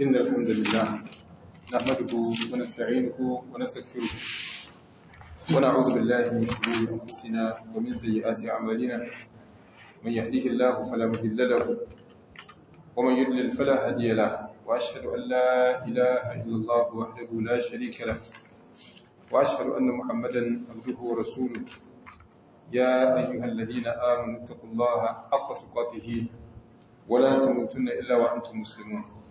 إن الحمد لله نحمده ونستعينه ونستغفره ونعوذ بالله من شرور أنفسنا ومن سيئات أعمالنا من يهديه الله فلا مضل له ومن يضلل فلا هادي له وأشهد أن لا إله إلا الله وحده لا شريك له وأشهد أن محمدا عبده ورسوله يا أيها الذين آمنوا اتقوا الله حق تقاته ولا تموتن إلا وأنتم مسلمون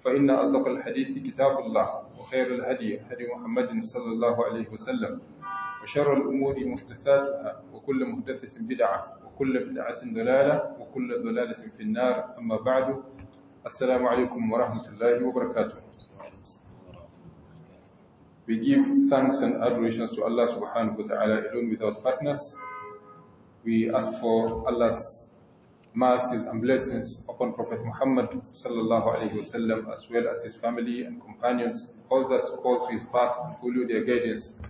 فإن أصدق الحديث كتاب الله وخير الهدي هدي محمد صلى الله عليه وسلم وشر الأمور محدثاتها وكل محدثة بدعة وكل بدعة ضلالة وكل ضلالة في النار أما بعد السلام عليكم ورحمة الله وبركاته We give thanks and adorations to Allah subhanahu wa ta'ala alone without partners. We ask for Allah's mercies and blessings upon Prophet Muhammad sallallahu alaihi wasallam as well as his family and companions, all that call to his path and follow their guidance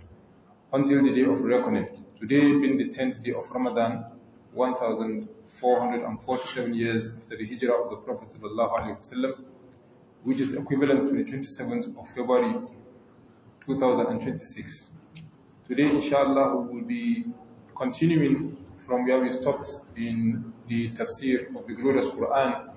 until the day of reckoning. Today being the 10th day of Ramadan, 1447 years after the hijrah of the Prophet sallallahu alaihi wasallam, which is equivalent to the 27th of February 2026. Today, inshallah, we will be continuing from where we stopped in the tafsir of the glorious Quran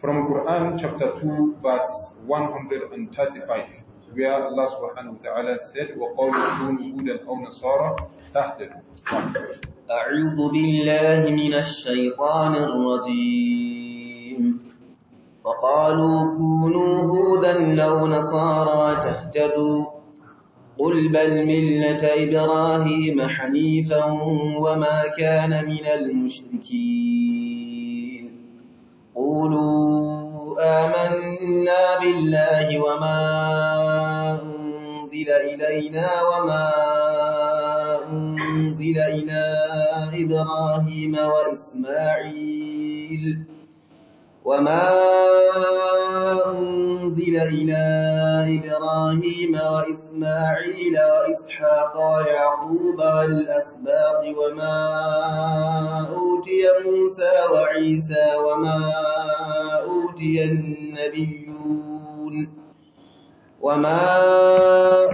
from Quran chapter 2 verse 135 where Allah subhanahu wa ta'ala said وَقَوْلُ كُونُ هُودًا أَوْ نَصَارَى تَهْتَدُوا أعوذ بالله من الشيطان الرجيم وقالوا كونوا هودا أو نصارى تهتدوا قل بل ملة إبراهيم حنيفا وما كان من المشركين قُولُوا آمَنَّا بِاللَّهِ وَمَا أُنْزِلَ إِلَيْنَا وَمَا أُنْزِلَ إِلَى إِبْرَاهِيمَ وَإِسْمَاعِيلَ وَمَا أنزل أنزل إلى إبراهيم وإسماعيل وإسحاق ويعقوب والأسباط وما أوتي موسى وعيسى وما أوتي النبيون وما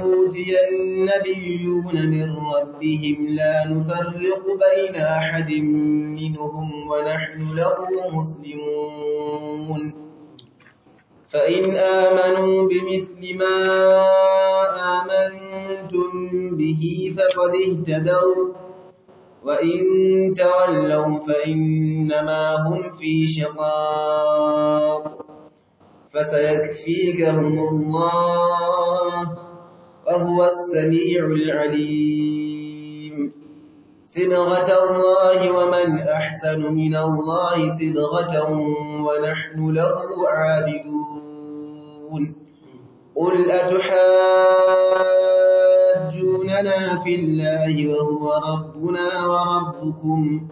أوتي النبيون من ربهم لا نفرق بين أحد منهم ونحن له مسلمون فإن آمنوا بمثل ما آمنتم به فقد اهتدوا وإن تولوا فإنما هم في شقاق فسيكفيكهم الله وهو السميع العليم صبغة الله ومن أحسن من الله صبغة ونحن له عابدون قل أتحاجوننا في الله وهو ربنا وربكم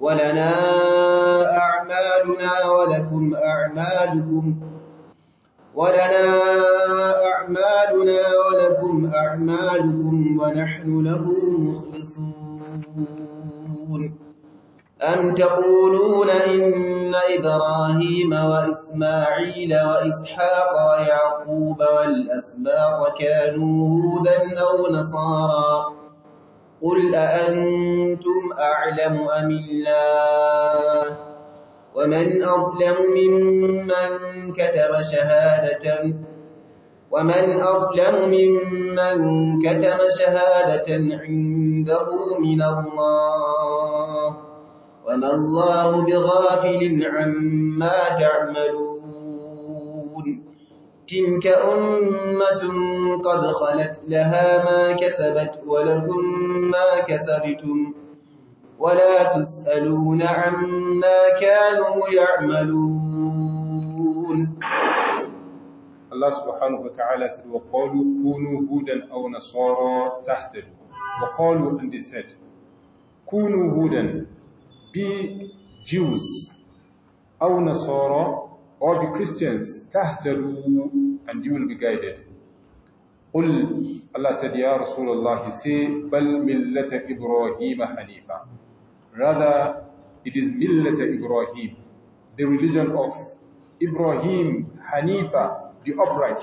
ولنا أعمالنا ولكم أعمالكم ولنا أعمالنا ولكم أعمالكم ونحن له مخلصون أَمْ تَقُولُونَ إِنَّ إِبْرَاهِيمَ وَإِسْمَاعِيلَ وَإِسْحَاقَ وَيَعْقُوبَ وَالْأَسْبَاطَ كَانُوا هُودًا أَوْ نَصَارَىٰ ۗ قُلْ أَأَنتُمْ نصارا أَمِ اللَّهُ ۗ وَمَنْ أَظْلَمُ مِمَّن كَتَمَ شَهَادَةً ومن أظلم ممن كتب شهادة عنده من الله وما الله بغافل عما تعملون تلك أمة قد خلت لها ما كسبت ولكم ما كسبتم ولا تسألون عما كانوا يعملون الله سبحانه وتعالى said, وَقَالُوا كُونُوا هُودًا أَوْ نَصَارَى تَحْتَدُوا وَقَالُوا and they said, كُونُوا هُودًا be Jews, أو نصارى, or be Christians, تهتدوا, and you will be guided. قل, Allah said, Ya Rasulullah, say, بل ملة إبراهيم حنيفا. Rather, it is Millata Ibrahim, the religion of Ibrahim, Hanifa, the upright.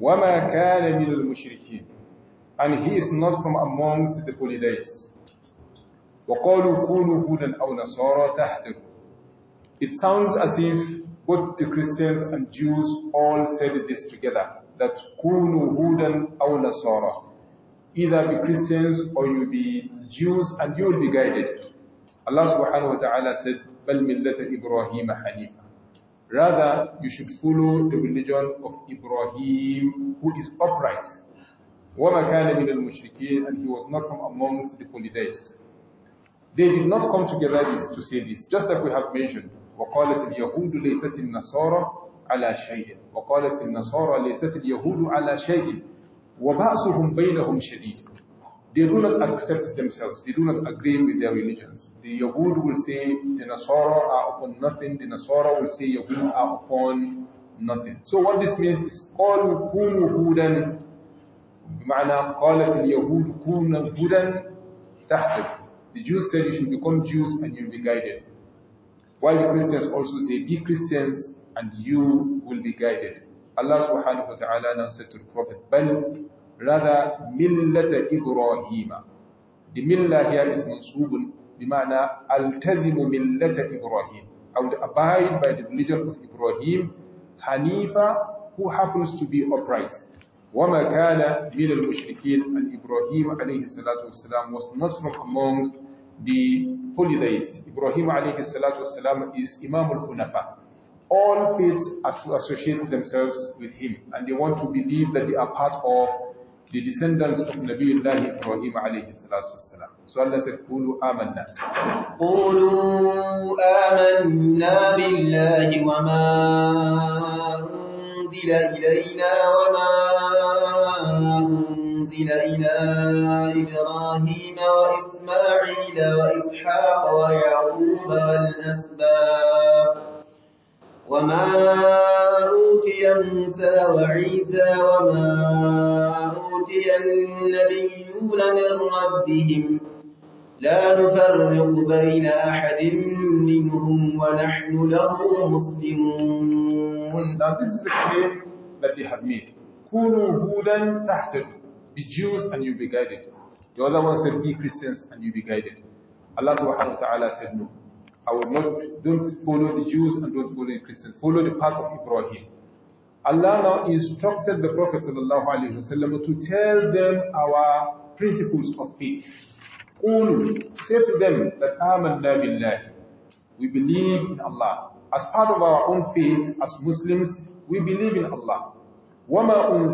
وَمَا كَانَ مِنَ الْمُشْرِكِينَ And he is not from amongst the polytheists. وَقَالُوا كُونُوا هُودًا أَوْ نَصَارَى تَهْتَدُوا It sounds as if both the Christians and Jews all said this together, that كُونُوا هُودًا أَوْ نَصَارَى Either be Christians or you be Jews and you will be guided. Allah subhanahu wa ta'ala said, بَلْ مِلَّةَ إِبْرَاهِيمَ حنيفة. Rather, you should follow the religion of Ibrahim, who is upright. وَمَا كَانَ مِنَ الْمُشْرِكِينَ And he was not from amongst the polytheists. They did not come together to say this, just like we have mentioned. وقالت اليهود ليست النصارى على شيء وقالت النصارى ليست اليهود على شيء وبأسهم بينهم شديد They do not accept themselves. They do not agree with their religions. The Yahud will say the Nasara are upon nothing. The Nasara will say Yahud are upon nothing. So what this means is قالوا كونوا هودا بمعنى قالت Yahud كونوا هودا tahtib." The Jews said, You should become Jews and you'll be guided. While the Christians also say, Be Christians and you will be guided. Allah subhanahu wa ta'ala now said to the Prophet, Bal, rather, millata Ibrahima. The millah here is mansubun, bimana altazimu millata Ibrahim. I would abide by the religion of Ibrahim, Hanifa, who happens to be upright. وَمَا كَانَ مِنَ الْمُشْرِكِينَ And Ibrahim alayhi salatu wasalam was not from amongst the polytheists. Ibrahim alayhi salatu wasalam is Imam al-Hunafa. All faiths associate themselves with him and they want to believe that they are part of the descendants of Nabiullah Ibrahim alayhi salatu wasalam. So Allah said, Qulu amanna billahi wa ma وَمَا ilayna wa ma. إنجيل إلى إبراهيم وإسماعيل وإسحاق ويعقوب والأسباق وما أوتي موسى وعيسى وما أوتي النبيون من ربهم لا نفرق بين أحد منهم ونحن له مسلمون Now this is a claim that they have made. كونوا هودا تحتكم. Be Jews and you'll be guided. The other one said, be Christians and you'll be guided. Allah subhanahu wa ta'ala said, no. I will not, don't follow the Jews and don't follow the Christians. Follow the path of Ibrahim. Allah now instructed the Prophet sallallahu alayhi wasallam to tell them our principles of faith. Only Say to them that a believer. We believe in Allah. As part of our own faith, as Muslims, we believe in Allah. And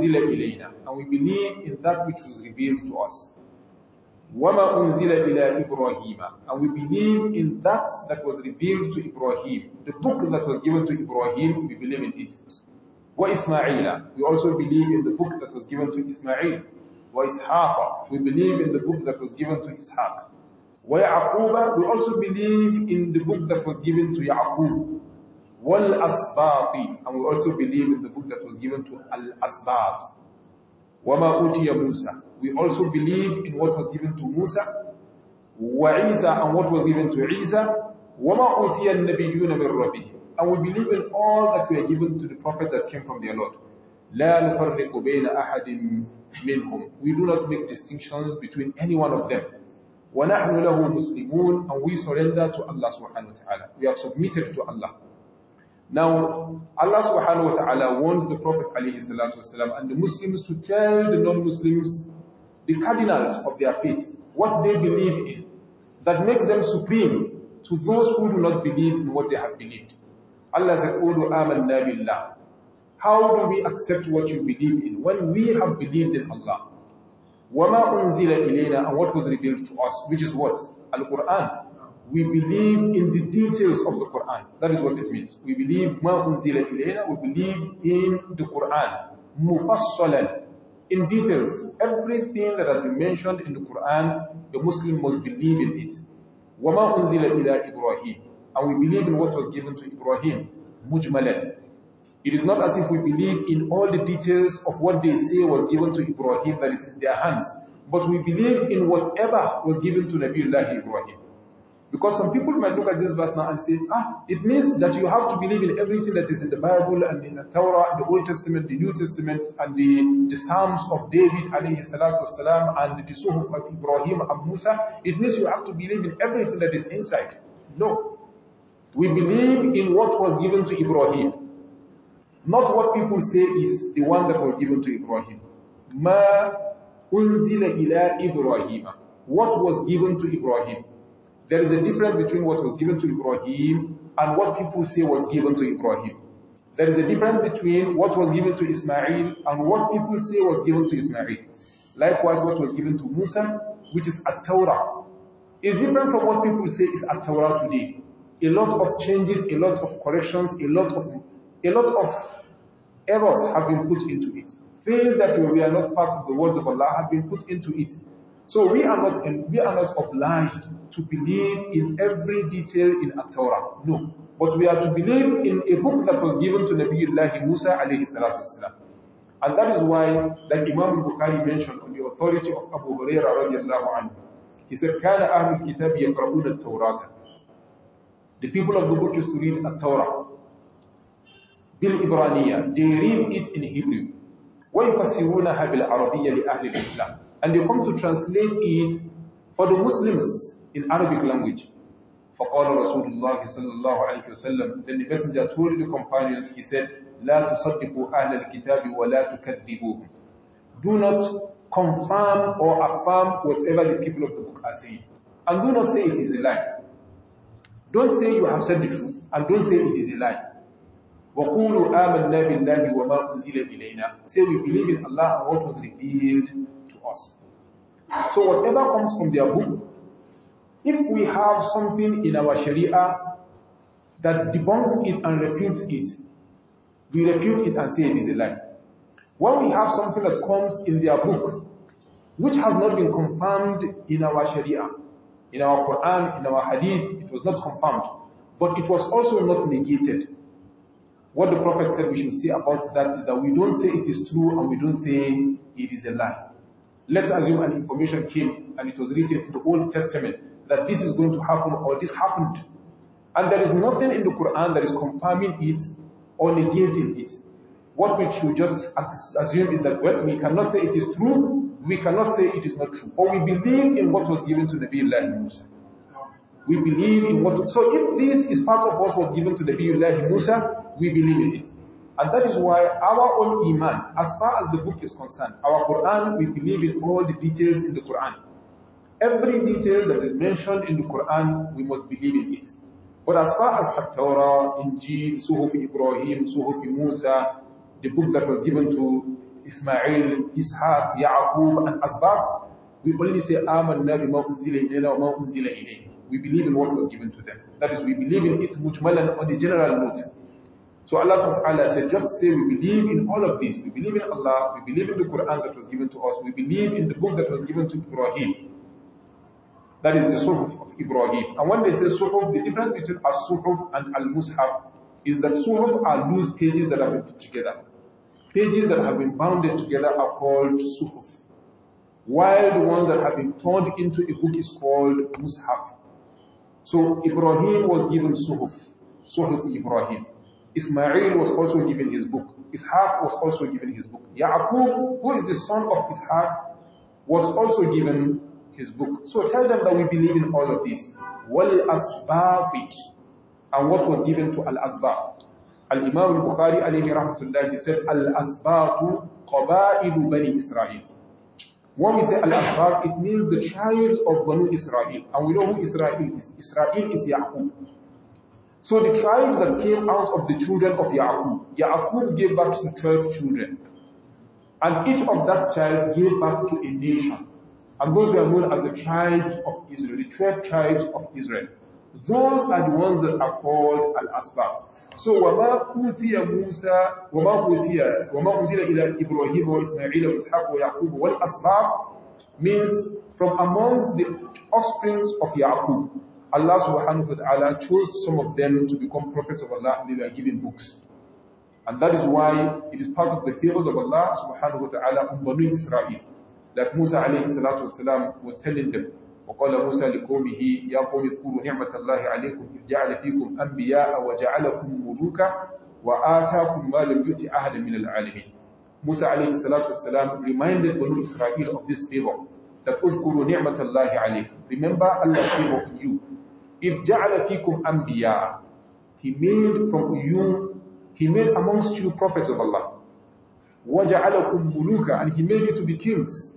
we believe in that which was revealed to us. And we believe in that that was revealed to Ibrahim. The book that was given to Ibrahim, we believe in it. Ismaila, We also believe in the book that was given to Ismail. وَإِسْحَاقَ We believe in the book that was given to Ishaq. Yaquba, We also believe in the book that was given to Ya'qub. Wal asbati. And we also believe in the book that was given to Al Asbat. Wama utiya Musa. We also believe in what was given to Musa. Wa Isa and what was given to Isa. Wama utiya nabiyuna min rabbihim. And we believe in all that were given to the prophets that came from their Lord. La نفرق bayna أحد minhum. We do not make distinctions between any one of them. وَنَحْنُ lahu muslimun. And we surrender to Allah subhanahu wa ta'ala. We are submitted to Allah. Now, Allah subhanahu wa ta'ala warns the Prophet والسلام, and the Muslims to tell the non-Muslims the cardinals of their faith, what they believe in, that makes them supreme to those who do not believe in what they have believed. Allah said, Ulu amanna How do we accept what you believe in when we have believed in Allah? وَمَا أُنزِلَ إِلَيْنَا And what was revealed to us, which is what? Al-Quran. We believe in the details of the Quran. That is what it means. We believe ma unzila ilayna. We believe in the Quran. Mufassalan. In details. Everything that has been mentioned in the Quran, the Muslim must believe in it. Wa ma unzila ila Ibrahim. And we believe in what was given to Ibrahim. Mujmalan. It is not as if we believe in all the details of what they say was given to Ibrahim that is in their hands, but we believe in whatever was given to Nabiullah Ibrahim. Because some people might look at this verse now and say, ah, it means that you have to believe in everything that is in the Bible and in the Torah, and the Old Testament, the New Testament, and the, the Psalms of David, alayhi salatu wasalam, and the Suhuf of Ibrahim and Musa. It means you have to believe in everything that is inside. No. We believe in what was given to Ibrahim. Not what people say is the one that was given to Ibrahim. ما unzila ila Ibrahim. What was given to Ibrahim. There is a difference between what was given to Ibrahim and what people say was given to Ibrahim. There is a difference between what was given to Ismail and what people say was given to Ismail. Likewise, what was given to Musa, which is a Torah, is different from what people say is a Torah today. A lot of changes, a lot of corrections, a lot of a lot of errors have been put into it. Things that we are not part of the words of Allah have been put into it. So we are not we are not obliged to believe in every detail in a Torah. No. But we are to believe in a book that was given to Nabiullah Musa alayhi salatu wasalam. And that is why that Imam Bukhari mentioned on the authority of Abu Hurairah radiallahu anhu. He said, كَانَ أَهْلُ الْكِتَابِ يَقْرَؤُونَ التَّوْرَاتَ The people of the book used to read a torah Bil Ibraniya. They read it in Hebrew. وَيُفَسِّرُونَهَا بِالْعَرَبِيَّ لِأَهْلِ الْإِسْلَامِ and they come to translate it for the Muslims in Arabic language. فقال رسول الله صلى الله عليه وسلم Then the messenger told the companions, he said, لا تصدقوا أهل الكتاب ولا تكذبوهم. Do not confirm or affirm whatever the people of the book are saying. And do not say it is a lie. Don't say you have said the truth and don't say it is a lie. وَقُولُوا آمَنَّا بِاللَّهِ وَمَا أُنزِلَ إِلَيْنَا Say we believe in Allah and what was revealed to us. So whatever comes from their book, if we have something in our Sharia that debunks it and refutes it, we refute it and say it is a lie. When we have something that comes in their book, which has not been confirmed in our Sharia, in our Quran, in our Hadith, it was not confirmed, but it was also not negated. What the Prophet said we should say about that is that we don't say it is true and we don't say it is a lie. Let's assume an information came and it was written in the Old Testament that this is going to happen or this happened. And there is nothing in the Quran that is confirming it or negating it. What we should just assume is that well, we cannot say it is true, we cannot say it is not true. but we believe in what was given to the Musa. We believe in what, so if this is part of what was given to the Nabi Musa, we believe in it. And that is why our own Iman, as far as the book is concerned, our Quran, we believe in all the details in the Quran. Every detail that is mentioned in the Quran, we must believe in it. But as far as At-Torah, Injil, Suhuf Ibrahim, Suhuf Musa, the book that was given to Ismail, Ishaq, Ya'qub, and Asbaq, we only say, Amanna nabi wa We believe in what was given to them. That is, we believe in it mujmalan on the general note. So Allah subhanahu wa ta'ala said, just say we believe in all of this. We believe in Allah, we believe in the Quran that was given to us, we believe in the book that was given to Ibrahim. That is the Suhuf of Ibrahim. And when they say Suhuf, the difference between a Suhuf and Al-Mushaf is that Suhuf are loose pages that have been put together. Pages that have been bounded together are called Suhuf. While the ones that have been turned into a book is called Mushaf. So Ibrahim was given Suhuf. Suhuf Ibrahim. Ismail was also given his book. Ishaq was also given his book. Yaqub, who is the son of Ishaq, was also given his book. So tell them that we believe in all of this. Wal asbati. And what was given to al asbat? Al Imam al Bukhari alayhi rahmatullah, he said, Al asbatu qaba'ilu bani Israel. When we say al asbat, it means the children of Banu Israel. And we know who Israel is. Israel is Yaqub. So the tribes that came out of the children of Yaqub, Yaqub gave birth to 12 children. And each of that child gave birth to a nation. And those were known as the tribes of Israel, the 12 tribes of Israel. Those are the ones that are called Al-Asbat. So, وَمَا أُوتِيَ مُوسَى وَمَا أُوتِيَ وَمَا أُوتِيَ إِلَى إِبْرَاهِيمَ وَإِسْمَعِيلَ وَإِسْحَاقَ وَيَعْقُوبَ وَالْأَسْبَاطِ means from amongst the offsprings of Yaqub. Allah subhanahu wa ta'ala chose some of them to become prophets of Allah and they were given books. And that is why it is part of the favors of Allah subhanahu wa ta'ala on Banu Israel. Like Musa alayhi salatu wasalam was telling them, وقال موسى لقومه يا قوم اذكروا نعمة الله عليكم إذ جعل فيكم أنبياء وجعلكم ملوكا وآتاكم ما لم يؤت أحدا من العالمين Musa alayhi salatu wasalam reminded Banu Israel of this favor that اذكروا نعمة الله عليكم remember Allah's favor on you if ja'ala fikum ambiya, he made from you, he made amongst you prophets of Allah. وَجَعَلَكُمْ مُلُوكَ And he made you to be kings.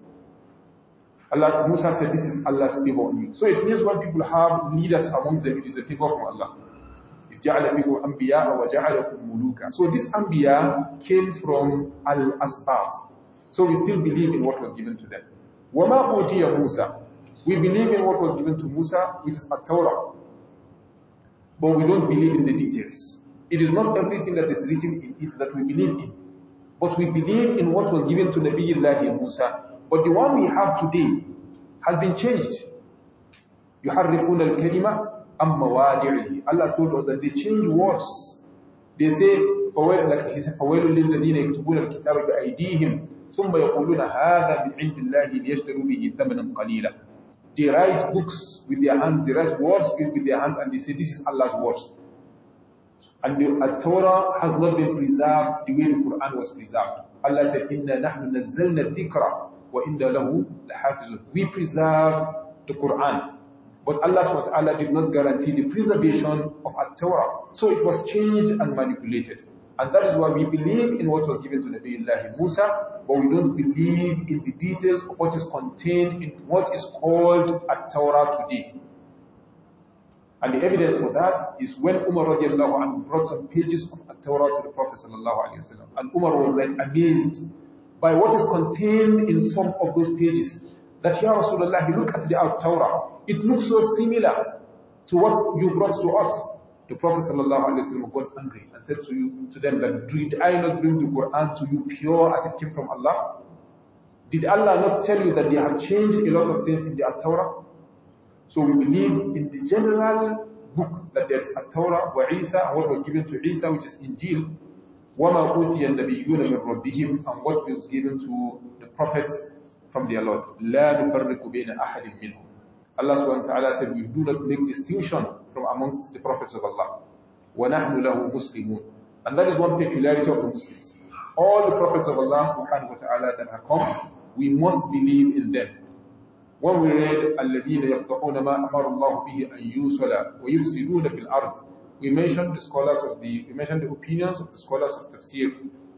Allah, Musa said, this is Allah's favor on you. So it means when people have leaders amongst them, it is a favor from Allah. If جَعَلَ فِيكُمْ أَنْبِيَاءَ وَجَعَلَكُمْ مُلُوكَ So this anbiya came from Al-Asbab. So we still believe in what was given to them. وَمَا أُوتِيَ مُوسَى we believe in what was given to Musa, which is a Torah, but we don't believe in the details. It is not everything that is written in it that we believe in, but we believe in what was given to Nabiullahi Musa. But the one we have today has been changed. يحرفون الكلمة عن مواضعه. Allah told us that they change words. They say, فويل, like he said, فويل للذين يكتبون الكتاب بأيديهم ثم يقولون هذا من عند الله ليشتروا به ثمنا قليلا. They write books with their hands, they write words with their hands, and they say, this is Allah's word. And the Torah has not been preserved the way the Quran was preserved. Allah said, إِنَّا نَحْنُ نَزَّلْنَا الذِّكْرَ وَإِنَّا لَهُ لَحَافِظُونَ We preserve the Quran. But Allah SWT did not guarantee the preservation of a Torah. So it was changed and manipulated. And that is why we believe in what was given to Nabiullah Musa, but we don't believe in the details of what is contained in what is called a Torah today. And the evidence for that is when Umar radiallahu anhu brought some pages of a Torah to the Prophet sallallahu alayhi wasallam, and Umar was like amazed by what is contained in some of those pages. That Ya Rasulullah, look at the Torah. It looks so similar to what you brought to us. The Prophet ﷺ got angry and said to, you, to them that, did I not bring the Quran to you pure as it came from Allah? Did Allah not tell you that they have changed a lot of things in the Torah? So we believe in the general book that there's a Torah Wa Isa, what was given to Isa, which is Injil, وَمَا أُوتِيَ النَّبِيُّونَ مِنْ رَبِّهِمْ and what was given to the prophets from their Lord. لَا نُفَرِّقُ بَيْنَ أَحَدٍ مِّنْهُمْ Allah subhanahu wa ta'ala said, we do not make distinction from amongst the prophets of Allah. وَنَحْنُ لَهُ مُسْلِمُونَ And that is one peculiarity of the Muslims. All the prophets of Allah subhanahu wa ta'ala that have come, we must believe in them. When we read الَّذِينَ يَقْطَعُونَ مَا أَمَرُ اللَّهُ بِهِ أَن يُوصَلَ وَيُفْسِدُونَ فِي الْأَرْضِ We mentioned the scholars of the, we mentioned the opinions of the scholars of tafsir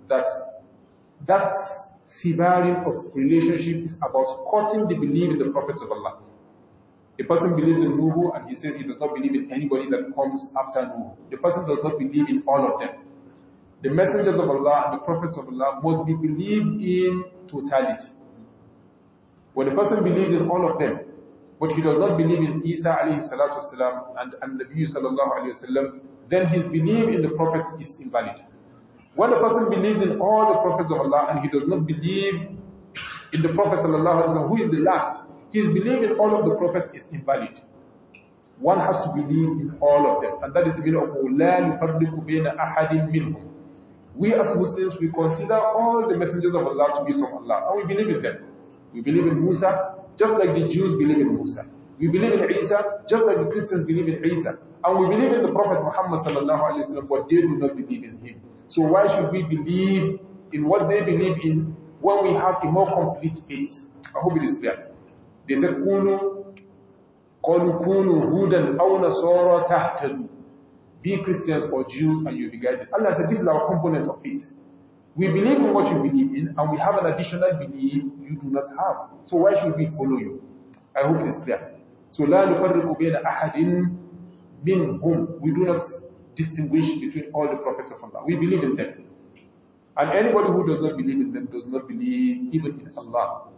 that that severing of relationship is about cutting the belief in the prophets of Allah. A person believes in Nuhu and he says he does not believe in anybody that comes after Nuhu. The person does not believe in all of them. The messengers of Allah and the prophets of Allah must be believed in totality. When a person believes in all of them, but he does not believe in Isa alayhi and, and Nabi sallallahu then his belief in the prophets is invalid. When a person believes in all the prophets of Allah and he does not believe in the Prophet sallallahu alayhi wasallam, who is the last, his belief in all of the prophets is invalid. One has to believe in all of them. And that is the meaning of لَا نُفَرِّقُ بَيْنَ أَحَدٍ مِّنْهُمْ We as Muslims, we consider all the messengers of Allah to be from Allah. And we believe in them. We believe in Musa, just like the Jews believe in Musa. We believe in Isa, just like the Christians believe in Isa. And we believe in the Prophet Muhammad sallallahu alayhi wa sallam, but they do not believe in him. So why should we believe in what they believe in when we have a more complete faith? I hope it is clear. They said, Kunu, Qalu kunu hudan auna nasara tahtadu. Be Christians or Jews and you'll be guided. Allah said, this is our component of faith. We believe in what you believe in and we have an additional belief you do not have. So why should we follow you? I hope it is clear. So la nufarriqu bayna ahadin minhum. We do not distinguish between all the prophets of Allah. We believe in them. And anybody who does not believe in them does not believe even in Allah.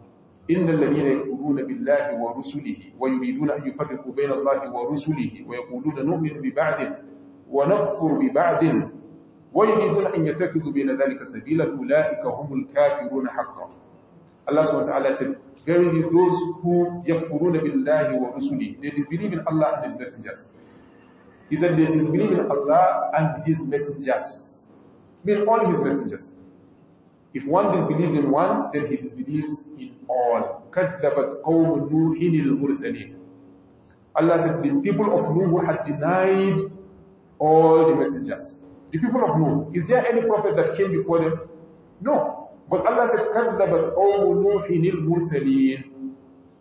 إن الذين يكفرون بالله ورسله ويريدون أن يفرقوا بين الله ورسله ويقولون نؤمن ببعض ونكفر ببعض ويريدون أن يتخذوا بين ذلك سبيلا أولئك هم الكافرون حقا Allah سبحانه وتعالى said, Verily those who يكفرون بالله ورسله they disbelieve in Allah and His messengers. He said they disbelieve in Allah and His messengers. Mean all His messengers. If one disbelieves in one, then he disbelieves on كَذَّبَتْ قَوْمُ نُوحٍ Allah said the people of Nuh had denied all the messengers. The people of Nuh, is there any prophet that came before them? No. But Allah said, كَذَّبَتْ قَوْمُ نُوحٍ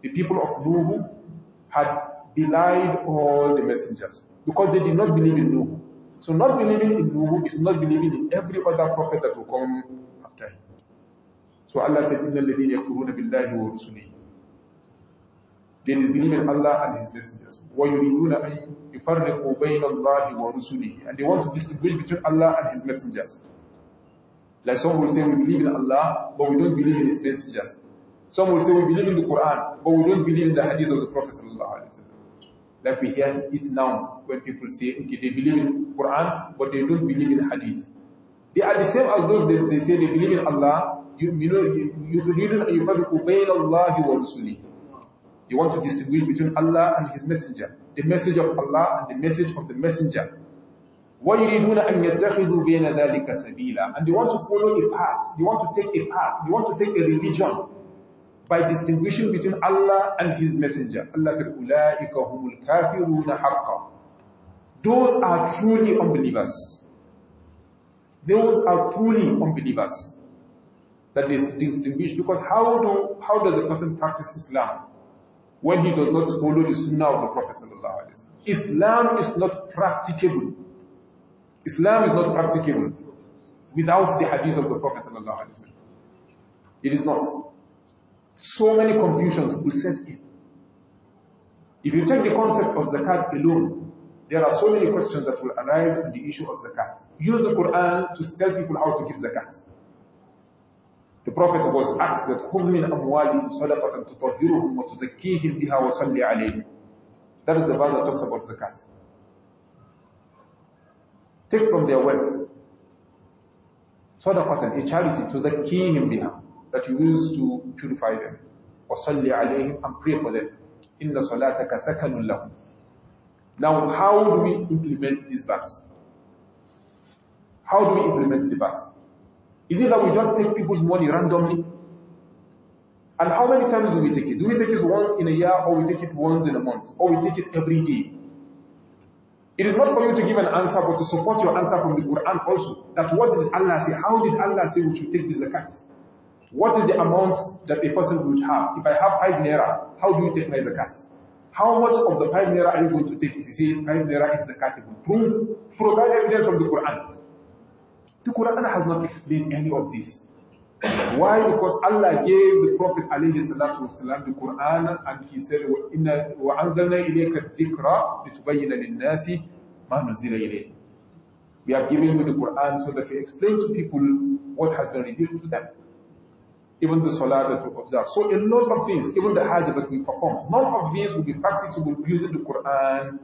The people of Nuh had denied all the messengers because they did not believe in Nuh. So not believing in Nuh is not believing in every other prophet that will come So Allah said, Inna الَّذِينَ يَكْفُرُونَ بِاللَّهِ وَرُسُلِهِ They disbelieve in Allah and His messengers. وَيُرِيدُونَ أَن يُفَرِّقُوا بَيْنَ اللَّهِ وَرُسُلِهِ And they want to distinguish between Allah and His messengers. Like some will say, we believe in Allah, but we don't believe in His messengers. Some will say, we believe in the Quran, but we don't believe in the hadith of the Prophet Like we hear it now when people say, okay, they believe in Quran, but they don't believe in the hadith. They are the same as those that they say they believe in Allah, They want to distinguish between Allah and His Messenger, the message of Allah and the message of the Messenger. وَيُرِيدُونَ أَن يَتَّخِذُوا بَيْنَ ذَلِكَ سَبِيلًا And you want to follow a path, You want to take a path, You want to take a religion by distinguishing between Allah and His Messenger. Allah said, أُولَٰئِكَ هُمُ الْكَافِرُونَ حَقًّا Those are truly unbelievers. Those are truly unbelievers that is distinguished because how do how does a person practice Islam when he does not follow the Sunnah of the Prophet sallallahu alaihi wasallam? Islam is not practicable. Islam is not practicable without the Hadith of the Prophet sallallahu alaihi wasallam. It is not. So many confusions will set in. If you take the concept of zakat alone, there are so many questions that will arise on the issue of zakat. Use the Quran to tell people how to give zakat. The Prophet was asked that خُذْ مِنْ أَمْوَالِهِمْ صَدَقَةً تُطَهِّرُهُمْ وَتُزَكِّيهِمْ بِهَا وَصَلِّ عَلَيْهِمْ That is the verse that talks about zakat. Take from their wealth صَدَقَةً a charity تُزَكِّيهِمْ biha, that you use to purify them. وَصَلِّ عَلَيْهِمْ and pray for them. Inna صَلَاتَكَ سَكَنٌ لَهُمْ Now, how do we implement this verse? How do we implement the verse? Is it that we just take people's money randomly? And how many times do we take it? Do we take it once in a year or we take it once in a month or we take it every day? It is not for you to give an answer but to support your answer from the Quran also. That what did Allah say? How did Allah say we should take this zakat? What is the amount that a person would have? If I have 5 naira, how do you take my zakat? How much of the 5 naira are you going to take? If you say 5 naira is zakat, prove, provide evidence from the Quran. The Quran has not explained any of this. Why? Because Allah gave the Prophet والسلام, the Quran and he said, وَأَنزَلْنَا إِلَيْكَ الذِّكْرَ لِتُبَيِّنَ لِلنَّاسِ مَا نُزِّلَ إِلَيْهِ We have given you the Quran so that you explain to people what has been revealed to them. Even the salah that we observe. So a lot of things, even the hajj that we perform, none of these will be practicable using the Quran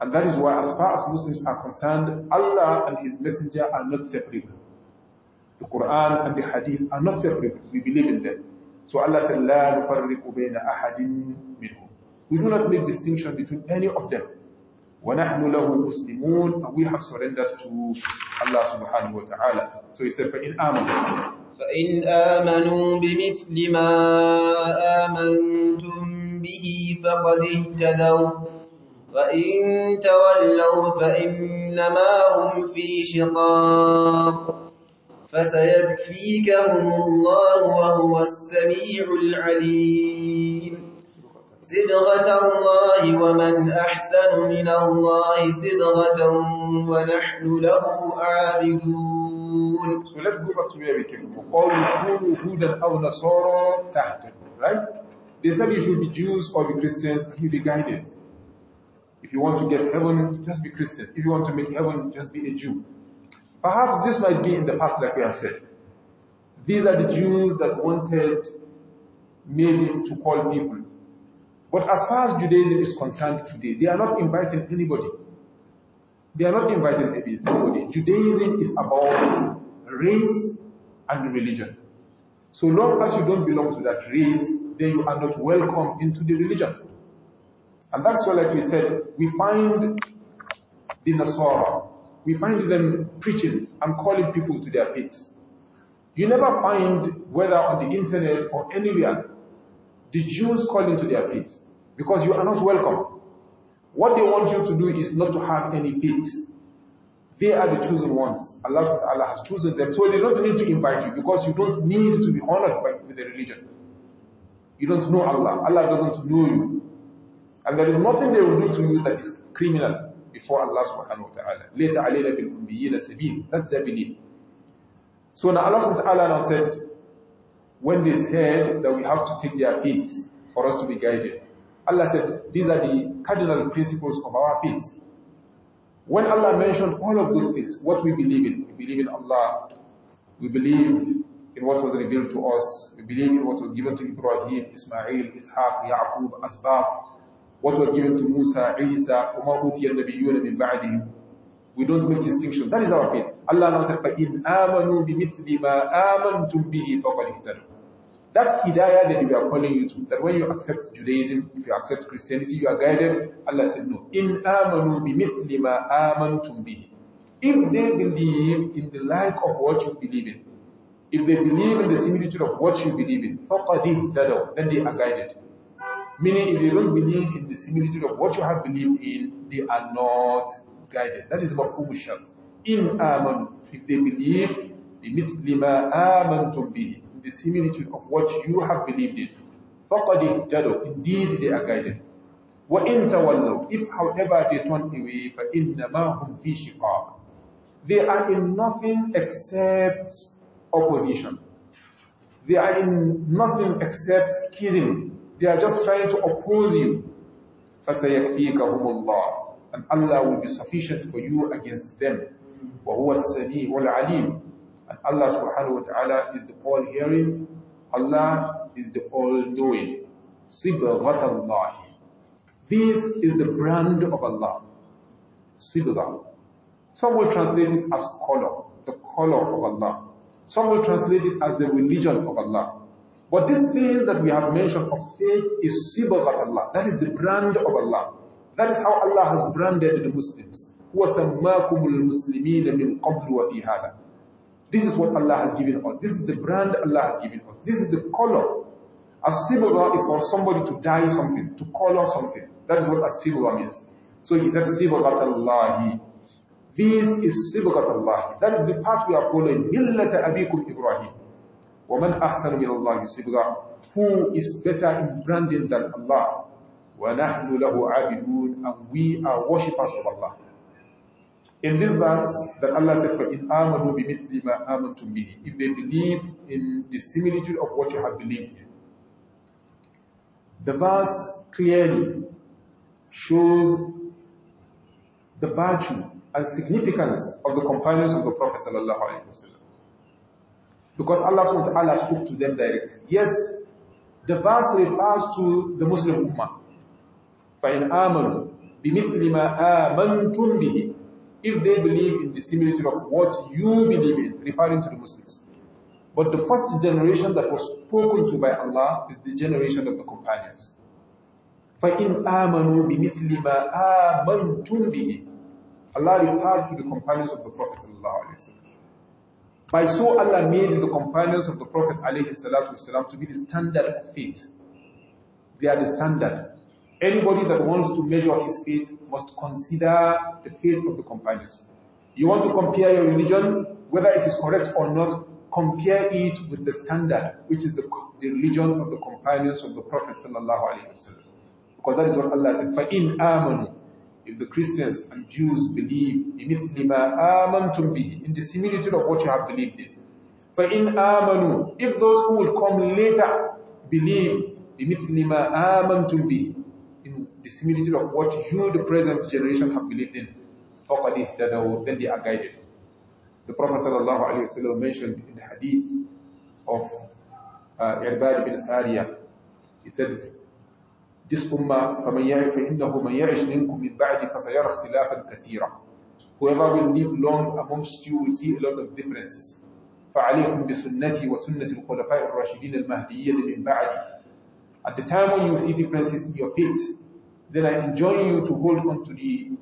and that is why, as far as Muslims are concerned, Allah and His Messenger are not separable. The Quran and the Hadith are not separable. We believe in them. So Allah said, لا نفرق بين أحد منهم. We do not make distinction between any of them. وَنَحْنُ لَهُ مُسْلِمُونَ And we have surrendered to Allah subhanahu wa ta'ala. So he said, فَإِنْ آمَنُوا فَإِنْ آمَنُوا بِمِثْلِ مَا آمَنْتُمْ بِهِ فَقَدْ اهْتَدَوْا فإن تَوَلَّوْا فَإِنَّمَا هُمْ فِي شِقَاقٍ فَسَيَكْفِيكَهُمُ اللَّهُ وَهُوَ السَّمِيعُ الْعَلِيمُ صِبْغَةَ اللَّهِ وَمَنْ أَحْسَنُ مِنَ اللَّهِ صِبْغَةً وَنَحْنُ لَهُ عَابِدُون So let's go back to where we came from. Or we who Hudan أو نصارى تحت. Right? They said you should be Jews or be Christians and you be guided. If you want to get heaven, just be Christian. If you want to make heaven, just be a Jew. Perhaps this might be in the past, like we have said. These are the Jews that wanted maybe to call people. But as far as Judaism is concerned today, they are not inviting anybody. They are not inviting anybody. Judaism is about race and religion. So long as you don't belong to that race, then you are not welcome into the religion. And that's why, like we said, we find the Nasara, we find them preaching and calling people to their faith. You never find, whether on the internet or anywhere, the Jews calling to their faith, because you are not welcome. What they want you to do is not to have any faith. They are the chosen ones. Allah has chosen them. So they don't need to invite you because you don't need to be honored by, with the religion. You don't know Allah. Allah doesn't know you. And there is nothing they will do to you that is criminal before Allah subhanahu wa ta'ala. لَيْسَ عَلَيْنَا فِي الْأُمِّيِّينَ سَبِيلٌ That's their belief. So now Allah subhanahu wa ta'ala now said, when they said that we have to take their feet for us to be guided, Allah said, these are the cardinal principles of our faith. When Allah mentioned all of these things, what we believe in, we believe in Allah, we believe in what was revealed to us, we believe in what was given to Ibrahim, Ismail, Ishaq, Yaqub, Asbab, what was given to Musa, Isa, and Nabi Yuna, and Ba'adi. We don't make distinction. That is our faith. Allah now said, فَإِنْ آمَنُوا بِمِثْلِ مَا آمَنْتُمْ بِهِ فَقَدْ اِهْتَدُوا That hidayah that we are calling you to, that when you accept Judaism, if you accept Christianity, you are guided, Allah said, no. إِنْ آمَنُوا بِمِثْلِ مَا آمَنْتُمْ بِهِ If they believe in the like of what you believe in, if they believe in the similitude of what you believe in, فَقَدْ اِهْتَدَوْا Then they are guided. Meaning, if they don't believe in the similitude of what you have believed in, they are not guided. That is about Fumushat. In Aman, if they believe, بِمِثْلِ مَا آمَنْتُمْ to In the similitude of what you have believed in. فَقَدِ jado, Indeed, they are guided. in تَوَلَّوْا If, however, they turn away, فَإِنَّمَا هُمْ فِي شِقَاقٍ They are in nothing except opposition. They are in nothing except schism they are just trying to oppose you. فَسَيَكْفِيكَهُمُ اللَّهُ And Allah will be sufficient for you against them. وَهُوَ السَّمِيعُ الْعَلِيمُ And Allah subhanahu wa ta'ala is the all-hearing. Allah is the all-knowing. صِبْغَةَ اللَّهِ This is the brand of Allah. Sibla. Some will translate it as color, the color of Allah. Some will translate it as the religion of Allah. But this thing that we have mentioned of faith is Sibagat Allah. That is the brand of Allah. That is how Allah has branded the Muslims. وَسَمَّاكُمُ الْمُسْلِمِينَ مِنْ قَبْلُ وَفِي هَذَا This is what Allah has given us. This is the brand Allah has given us. This is the color. A sibaba is for somebody to dye something, to color something. That is what a sibaba means. So he said, Sibagat Allahi. This is Sibagat Allah. That is the path we are following. مِلَّةَ أَبِيكُمْ Ibrahim. وَمَنْ أَحْسَنُ مِنَ اللَّهِ سِبْغًا Who is better in branding than Allah? وَنَحْنُ لَهُ And we are worshippers of Allah. In this verse that Allah said, فَإِنْ آمَنُوا بِمِثْلِ مَا آمَنْتُمْ بِهِ If they believe in the similitude of what you have believed in. The verse clearly shows the virtue and significance of the companions of the Prophet sallallahu alaihi wasallam. Because Allah subhanahu spoke to them directly. Yes, the verse refers to the Muslim Ummah. فَإِنْ آمَنُوا بِمِثْلِ مَا آمَنْتُمْ بِهِ If they believe in the similitude of what you believe in, referring to the Muslims. But the first generation that was spoken to by Allah is the generation of the companions. فَإِنْ آمَنُوا بِمِثْلِ مَا آمَنْتُمْ بِهِ Allah refers to the companions of the Prophet sallallahu alaihi wasallam. By so Allah made the companions of the Prophet والسلام, to be the standard of faith. They are the standard. Anybody that wants to measure his faith must consider the faith of the companions. You want to compare your religion, whether it is correct or not, compare it with the standard, which is the, the religion of the companions of the Prophet sallallahu Because that is what Allah said, فَإِنْ آمَنُوا if the Christians and Jews believe in the similitude of what you have believed in. for in amanu, If those who will come later believe بِمِثْلِ مَا آمَنْتُمْ In the similitude of what you, the present generation, have believed in. فَقَدْ Then they are guided. The Prophet ﷺ mentioned in the hadith of uh, Irbad bin Sariya, he said, this ummah, فَإِنَّهُ مَنْ يَعِشْ مِنْكُمْ مِنْ بَعْدِ فَسَيَرَى اخْتِلَافًا كَثِيرًا Whoever will live long amongst you will see a lot of differences. فَعَلَيْكُمْ بِسُنَّتِي وَسُنَّةِ الْخُلَفَاءِ الرَّاشِدِينَ الْمَهْدِيِّينَ مِنْ بعد At the time when you see differences in your faith, then I enjoin you to hold on to the,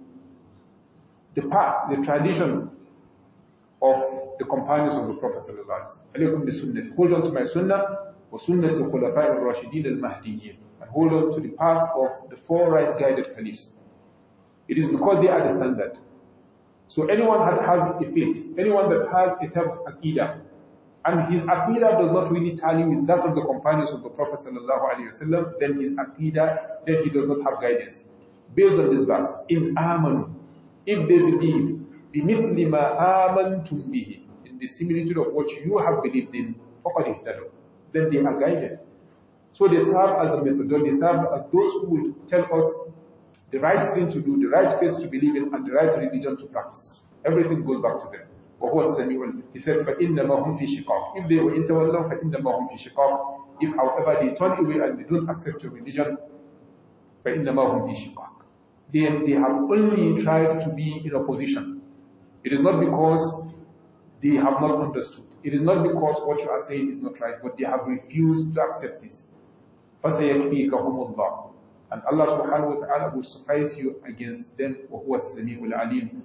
the path, the tradition of the companions of the Prophet sallallahu alaihi wasallam. Hold on to my sunnah, وسنة الخلفاء الراشدين المهديين. and hold on to the path of the four right guided caliphs. It is because they are the standard. So anyone that has a faith, anyone that has a type of aqidah, and his aqidah does not really tally with that of the companions of the Prophet sallallahu then his aqidah, then he does not have guidance. Based on this verse, in harmony, if they believe, بِمِثْلِ مَا آمَنْتُمْ بِهِ In the similitude of what you have believed in, فَقَدْ اِهْتَدُوا Then they are guided. So they serve as the methodology, they serve as those who will tell us the right thing to do, the right faith to believe in, and the right religion to practice. Everything goes back to them. وهو Samuel? He said, فَإِنَّمَا in the شِقَاقٍ If they were in "For فَإِنَّمَا هُمْ If, however, they turn away and they don't accept your religion, "For in the شِقَاقٍ They, they have only tried to be in opposition. It is not because they have not understood. It is not because what you are saying is not right, but they have refused to accept it. فَسَيَكْفِيكَهُمُ اللَّهُ And Allah subhanahu wa ta'ala will suffice you against them وَهُوَ السَّمِيعُ الْعَلِيمُ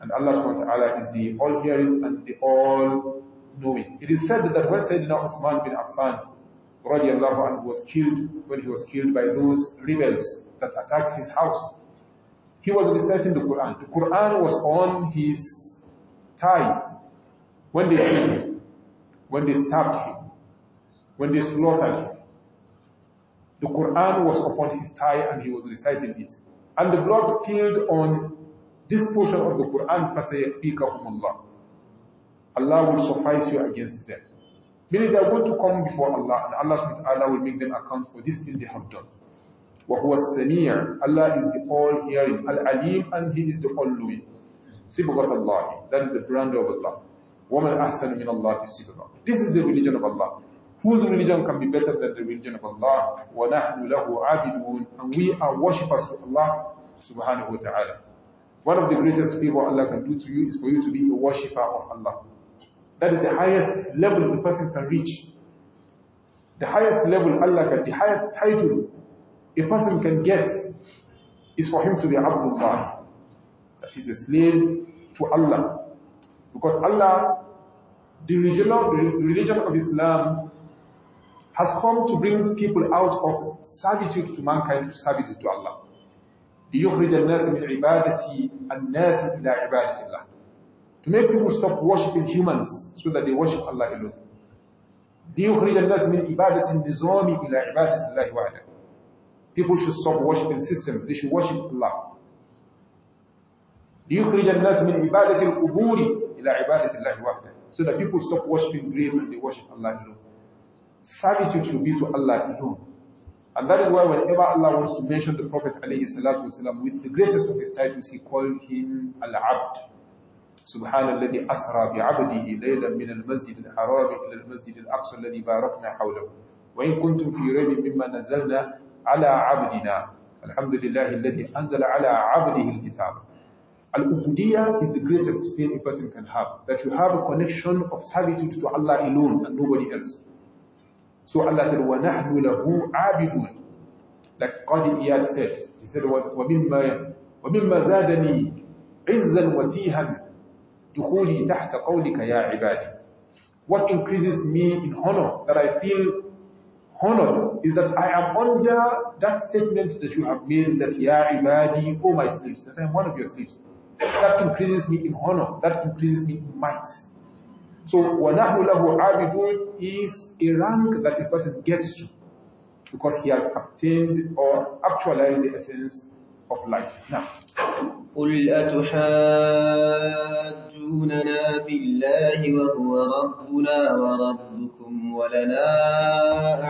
And Allah subhanahu wa ta'ala is the all-hearing and the all-knowing. It is said that when Sayyidina Uthman bin Affan radiallahu anhu was killed, when he was killed by those rebels that attacked his house, he was reciting the Quran. The Quran was on his tithe when they killed him, when they stabbed him, when they slaughtered him. The Quran was upon his thigh and he was reciting it. And the blood spilled on this portion of the Quran, فَسَيَكْفِيكَهُمُ اللَّهُ Allah will suffice you against them. Meaning they are going to come before Allah and Allah subhanahu will make them account for this thing they have done. وَهُوَ السَّمِيعُ Allah is the all-hearing, Al-Alim, and He is the all-knowing. Sibghat Allah, that is the brand of Allah. وَمَنْ أَحْسَنُ مِنَ اللَّهِ سِبْغَةً This is the religion of Allah whose religion can be better than the religion of Allah وَنَحْنُ لَهُ and we are worshippers to Allah subhanahu wa ta'ala one of the greatest favor Allah can do to you is for you to be a worshipper of Allah that is the highest level the person can reach the highest level Allah can the highest title a person can get is for him to be Abdullah that he's a slave to Allah because Allah the religion, the religion of Islam has come to bring people out of servitude to mankind to servitude to Allah. لِيُخْرِجَ النَّاسِ مِنْ عِبَادَةِ النَّاسِ إِلَىٰ عِبَادَةِ اللَّهِ To make people stop worshipping humans so that they worship Allah alone. لِيُخْرِجَ النَّاسِ مِنْ عِبَادَةِ النِّظَامِ إِلَىٰ عِبَادَةِ اللَّهِ وَعْدَهِ People should stop worshipping systems, they should worship Allah. لِيُخْرِجَ النَّاسِ مِنْ عِبَادَةِ الْقُبُورِ إِلَىٰ عِبَادَةِ اللَّهِ وَعْدَهِ So that people stop worshipping graves and they worship Allah alone servitude should be to Allah alone. And that is why whenever Allah wants to mention the Prophet ﷺ with the greatest of his titles, he called him Al-Abd. سبحان الذي أسرى بعبده ليلا من المسجد الحرام إلى المسجد الأقصى الذي باركنا حوله وإن كنتم في ريب مما نزلنا على عبدنا الحمد لله الذي أنزل على عبده الكتاب Al-Ubudiyya is the greatest thing a person can have, that you have a connection of servitude to Allah alone and nobody else. So Allah said, وَنَحْنُ لَهُ عَابِدُونَ Like Qadi Iyad said, he said, وَمِمَّا, ومما زادني عِزًّا وَتِيهًا دُخُولِي تَحْتَ قَوْلِكَ يَا عِبَادِي What increases me in honor, that I feel honored, is that I am under that statement that you have made, that يَا عِبَادِي O oh my slaves, that I am one of your slaves. That increases me in honor, that increases me in might. So, وَنَحْنُ لَهُ عَابِدُونَ is a rank that a person gets to because he has obtained or actualized the essence of life. Now. قُلْ أَتُحَاجُّونَنَا فِي اللَّهِ وَهُوَ رَبُّنَا وَرَبُّكُمْ وَلَنَا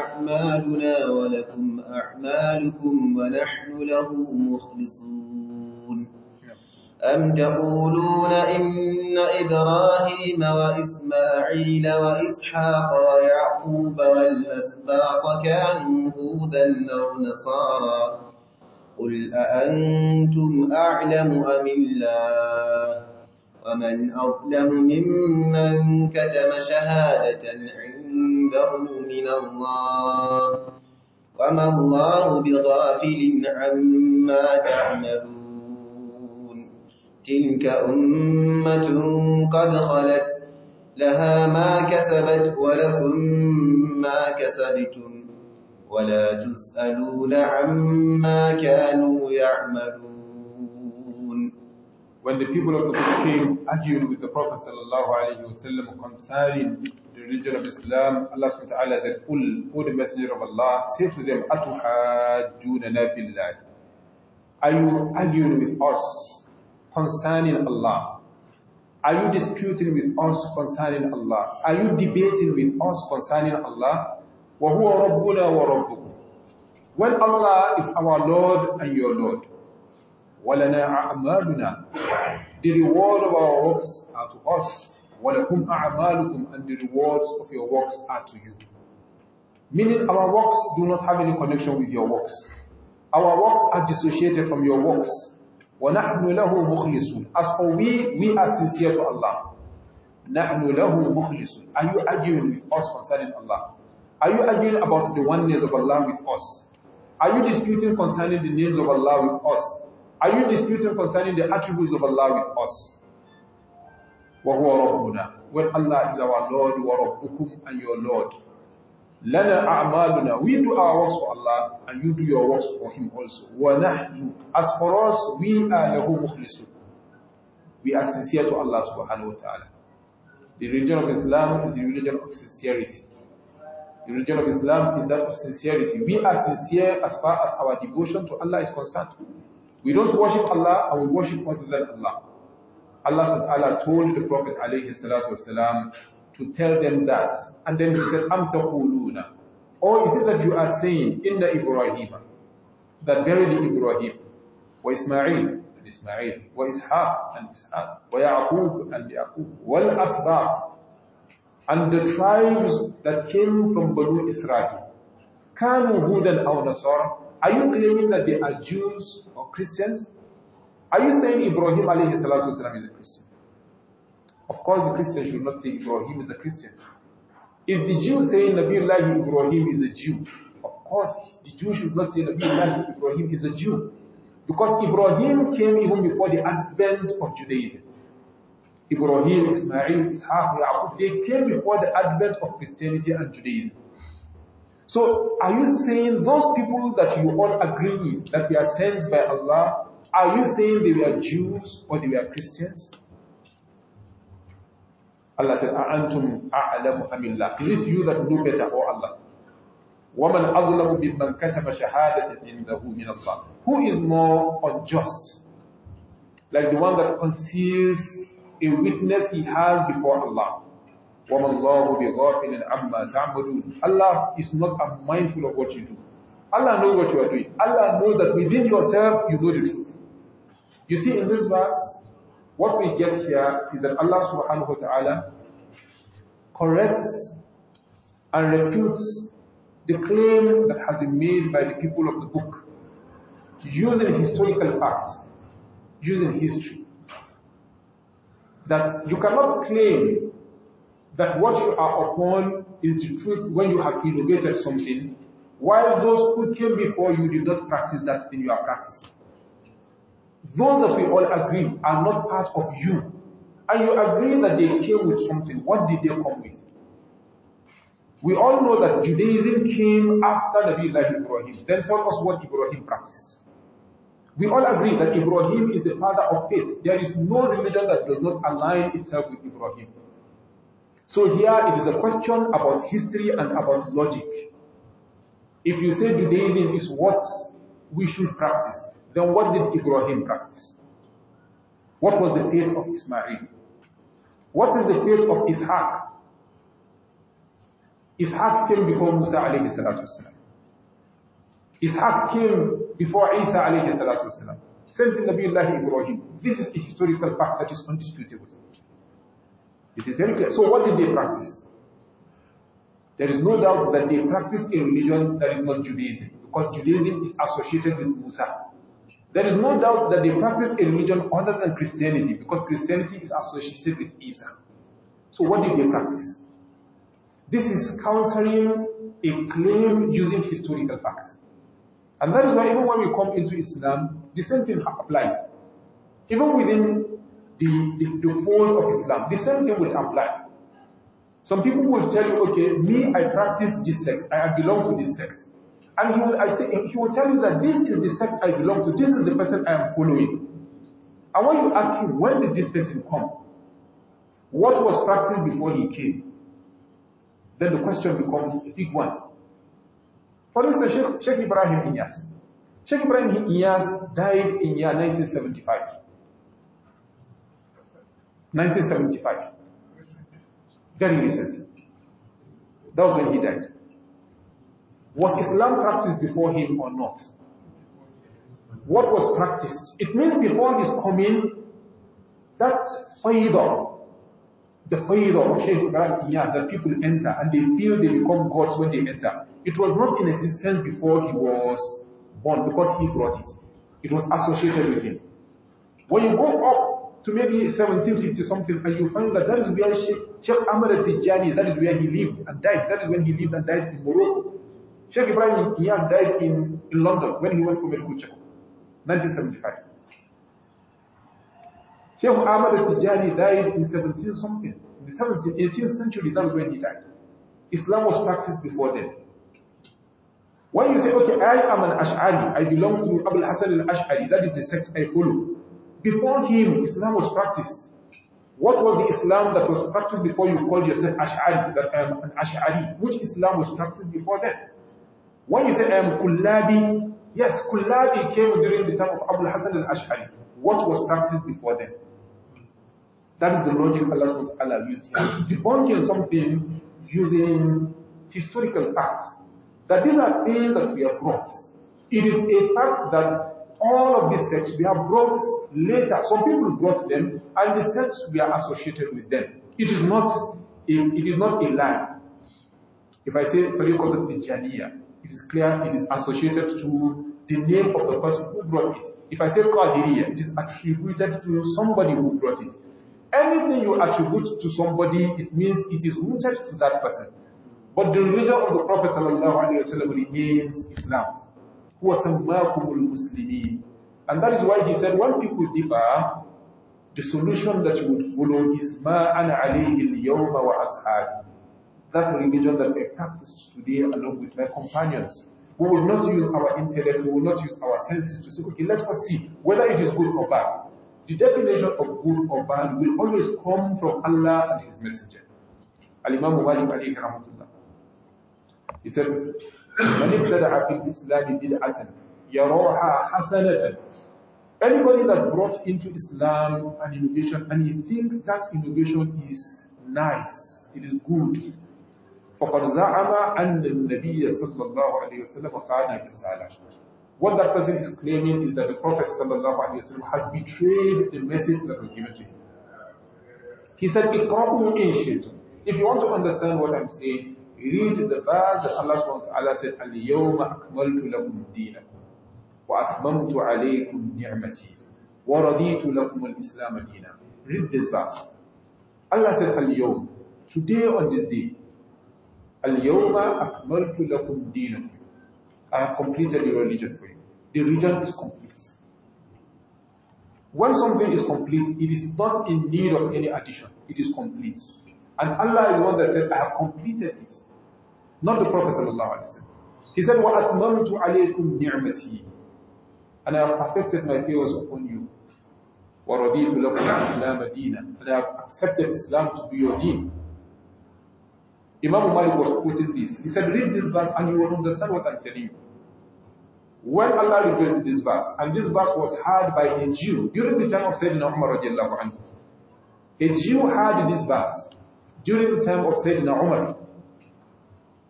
أَعْمَالُنَا وَلَكُمْ أَعْمَالُكُمْ وَنَحْنُ لَهُ مُخْلِصُونَ أَمْ تَقُولُونَ إِنَّ إِبْرَاهِيمَ وَإِسْمَاعِيلَ وَإِسْحَاقَ وَيَعْقُوبَ وَالْأَسْبَاطَ كَانُوا هُودًا أَوْ نَصَارَىٰ ۗ قُلْ أَأَنتُمْ أَعْلَمُ أَمِ اللَّهُ ۗ وَمَنْ أَظْلَمُ مِمَّنْ كَتَمَ شَهَادَةً عِندَهُ مِنَ اللَّهِ ۗ وَمَا اللَّهُ بِغَافِلٍ عَمَّا تَعْمَلُونَ تلك أمة قد خلت لها ما كسبت ولكم ما كسبتم ولا تسألون عما كانوا يعملون When the people of the book came arguing with the Prophet sallallahu alayhi wa sallam concerning the religion of Islam, Allah subhanahu wa ta'ala said, Qul, O the messenger of Allah, say to them, أَتُحَاجُّونَنَا فِي اللَّهِ Are you arguing with us concerning Allah? Are you disputing with us concerning Allah? Are you debating with us concerning Allah? وَهُوَ رَبُّنَا وَرَبُّكُمْ When Allah is our Lord and your Lord. وَلَنَا أَعْمَالُنَا The reward of our works are to us. وَلَكُمْ أَعْمَالُكُمْ And the rewards of your works are to you. Meaning our works do not have any connection with your works. Our works are dissociated from your works. وَنَحْنُ لَهُ مُخْلِصُونَ As for we, we are sincere to Allah. نَحْنُ لَهُ مُخْلِصُونَ Are you arguing with us concerning Allah? Are you arguing about the oneness of Allah with us? Are you disputing concerning the names of Allah with us? Are you disputing concerning the attributes of Allah with us? وَهُوَ رَبُّنَا When Allah is our Lord, وَرَبُّكُمْ and your Lord. Lana a'maluna. We do our works for Allah and you do your works for Him also. Wa nahnu. As for us, we are lahu mukhlisun. We are sincere to Allah subhanahu wa ta'ala. The religion of Islam is the religion of sincerity. The religion of Islam is that of sincerity. We are sincere as far as our devotion to Allah is concerned. We don't worship Allah and we worship other than Allah. Allah subhanahu wa ta'ala told the Prophet alayhi salatu to tell them that. And then he said, Am taquluna. Or is it that you are saying, Inna Ibrahim, that verily Ibrahim, wa Ismail, and Ismail, wa Ishaq, and Ishaq, wa Yaqub, and Yaqub, wal Asbat, and the tribes that came from Banu Israel. Kanu Hudan aw Nasara. Are you claiming that they are Jews or Christians? Are you saying Ibrahim alayhi salatu is a Christian? Of course, the Christian should not say Ibrahim is a Christian. If the Jew saying Nabiullah Ibrahim is a Jew, of course, the Jew should not say Nabiullah Ibrahim is a Jew. Because Ibrahim came even before the advent of Judaism. Ibrahim, Ismail, Ishaq, Yaqub, they came before the advent of Christianity and Judaism. So, are you saying those people that you all agree with, that were sent by Allah, are you saying they were Jews or they were Christians? Allah said, "Antum a'lamu Allah? Is it you that know better or Allah? وَمَنْ أَظْلَمُ شَهَادَةً مِنَ اللَّهِ Who is more unjust? Like the one that conceals a witness he has before Allah. اللَّهُ بِغَافِلٍ عَمَّا Allah is not unmindful of what you do. Allah knows what you are doing. Allah knows that within yourself you know the truth. You see in this verse, what we get here is that Allah subhanahu wa ta'ala corrects and refutes the claim that has been made by the people of the book using historical facts, using history. That you cannot claim that what you are upon is the truth when you have innovated something, while those who came before you did not practice that thing you are practicing. Those that we all agree are not part of you. And you agree that they came with something. What did they come with? We all know that Judaism came after Nabi Ibrahim. Then tell us what Ibrahim practiced. We all agree that Ibrahim is the father of faith. There is no religion that does not align itself with Ibrahim. So here it is a question about history and about logic. If you say Judaism is what we should practice, then what did Ibrahim practice? What was the faith of Ismail? What is the faith of Ishaq? Ishaq came before Musa alayhi salatu wasalam. Ishaq came before Isa alayhi salatu wasalam. Same thing Nabiullah Ibrahim. This is a historical fact that is undisputable. It is very clear. So what did they practice? There is no doubt that they practiced a religion that is not Judaism, because Judaism is associated with Musa. There is no doubt that they practiced a religion other than Christianity because Christianity is associated with Isa. So what did they practice? This is countering a claim using historical fact. And that is why even when we come into Islam, the same thing applies. Even within the, the, the fold of Islam, the same thing will apply. Some people will tell you, okay, me, I practice this sect, I belong to this sect. And he will, I say, he will tell you that this is the sect I belong to, this is the person I am following. And when you ask him, when did this person come? What was practiced before he came? Then the question becomes a big one. For instance, Sheikh, Sheikh Ibrahim Inyas. Sheikh Ibrahim Inyas died in year 1975. 1975. Very recent. That was when he died. Was Islam practiced before him or not? What was practiced? It means before his coming, that faidah, the faidah of Shaykh that people enter and they feel they become gods when they enter. It was not in existence before he was born because he brought it. It was associated with him. When you go up to maybe 1750 something, and you find that that is where Sheikh, Sheikh Ahmed al-Tijani, that is where he lived and died. That is when he lived and died in Morocco. Sheikh Ibrahim Iyas died in, in London when he went for medical checkup, 1975. Sheikh Ahmad Tijani died in 17 something, in the 17th, 18th century, that was when he died. Islam was practiced before then. When you say, okay, I am an Ash'ari, I belong to Abul Hassan al-Ash'ari, that is the sect I follow. Before him, Islam was practiced. What was the Islam that was practiced before you called yourself Ash'ari, that I am an Ash'ari? Which Islam was practiced before then? When you say um, Kullabi, yes, Kullabi came during the time of Abu Hassan al-Ash'ari. What was practiced before then? That is the logic Allah subhanahu wa used here. Debunking something using historical facts. That these are things that we have brought. It is a fact that all of these sects we have brought later. Some people brought them, and the sects we are associated with them. It is not a, it is not a lie. If I say you Tariqat al-Tijaniya, it's clear it is associated to the name of the person who brought it. If I say Qadiriya, it is attributed to somebody who brought it. Anything you attribute to somebody, it means it is rooted to that person. But the religion of the Prophet ﷺ remains Islam. Who was Muslimin. And that is why he said, when people differ, the solution that you would follow is ma alayhi al-yawma wa ashabi. That will religion that I practice today along with my companions. We will not use our intellect, we will not use our senses to say, okay, let us see whether it is good or bad. The definition of good or bad will always come from Allah and His Messenger. Al-Imam Malik alayhi He said, من ابتدع في الإسلام بدعة يراها hasanatan." Anybody that brought into Islam an innovation and he thinks that innovation is nice, it is good, فقد زعم أن النبي صلى الله عليه وسلم كان رسالة. What that person is claiming is that the Prophet صلى الله عليه وسلم has betrayed the message that was given to him. He said, "Iqra'u in shaitan." If you want to understand what I'm saying, read the verse that Allah subhanahu wa ta'ala said, "Al-yawma akmaltu lakum dinakum wa atmamtu alaykum ni'mati wa raditu al-islam Read this verse. Allah said, "Al-yawm." Today on this day, Al-Yawma akmaltu lakum deenakum. I have completed your religion for you. The religion is complete. When something is complete, it is not in need of any addition. It is complete. And Allah is the one that said, I have completed it. Not the Prophet sallallahu alaihi wasallam. He said, وَأَتْمَمْتُ عَلَيْكُمْ نِعْمَتِي And I have perfected my favors upon you. وَرَضِيتُ لَكُمْ الْإِسْلَامَ دِينًا And I have accepted Islam to be your deen. Imam Malik was quoting this. He said, read this verse and you will understand what I'm telling you. When Allah revealed this verse, and this verse was heard by a Jew during the time of Sayyidina Umar anhu. A Jew heard this verse during the time of Sayyidina Umar.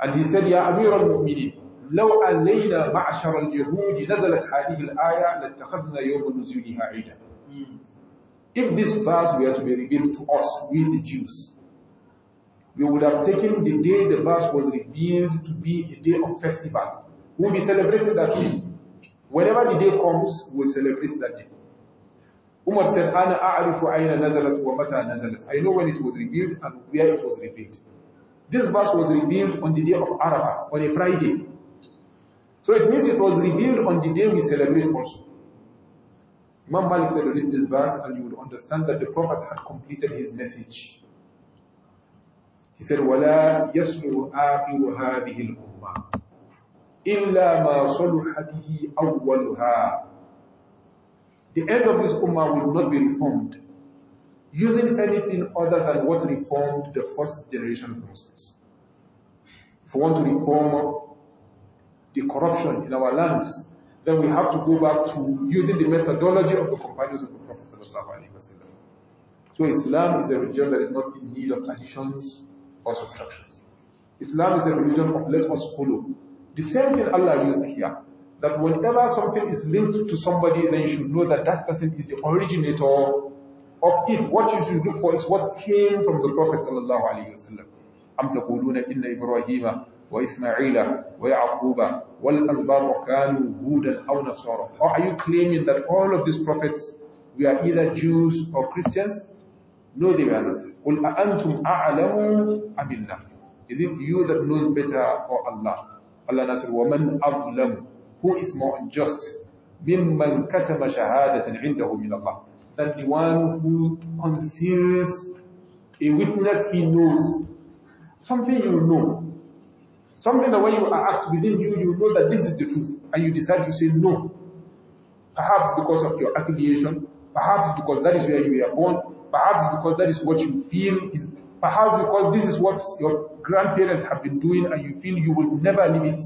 And he said, Ya Amir al-Mu'mineen, لو علينا معشر اليهود نزلت هذه الآية لاتخذنا يوم نزولها عيدا. If this verse were to be revealed to us, we the Jews, we would have taken the day the verse was revealed to be a day of festival. We'll be celebrating that day. Whenever the day comes, we'll celebrate that day. Umar said, Ana a'rifu ayna nazalat wa mata nazalat. I know when it was revealed and where it was revealed. This verse was revealed on the day of Arafah, on a Friday. So it means it was revealed on the day we celebrate also. Imam Malik said, read this verse and you will understand that the Prophet had completed his message. He said, وَلَا يَسْلُهُ آخِرُ هَذِهِ الْأُمَّةِ إِلَّا مَا أَوَّلُهَا The end of this ummah will not be reformed using anything other than what reformed the first generation Muslims. If we want to reform the corruption in our lands, then we have to go back to using the methodology of the companions of the Prophet. So Islam is a religion that is not in need of traditions cause obstructions. Islam is a religion of let us follow. The same thing Allah used here, that whenever something is linked to somebody, then you should know that that person is the originator of it. What you should look for is what came from the Prophet sallallahu alaihi wasallam. أم تقولون إن إبراهيم وإسماعيل ويعقوب والأسباط كانوا هودا أو نصارى Or are you claiming that all of these prophets are either Jews or Christians? No, they were not. قُلْ أَأَنْتُمْ أَعْلَمُ Is it you that knows better or Allah? Allah knows. وَمَنْ أَظْلَمُ Who is more unjust? That the one who unseals a witness he knows. Something you know. Something that when you are asked within you, you know that this is the truth. And you decide to say no. Perhaps because of your affiliation, Perhaps because that is where you were born. Perhaps because that is what you feel is, perhaps because this is what your grandparents have been doing and you feel you will never leave it.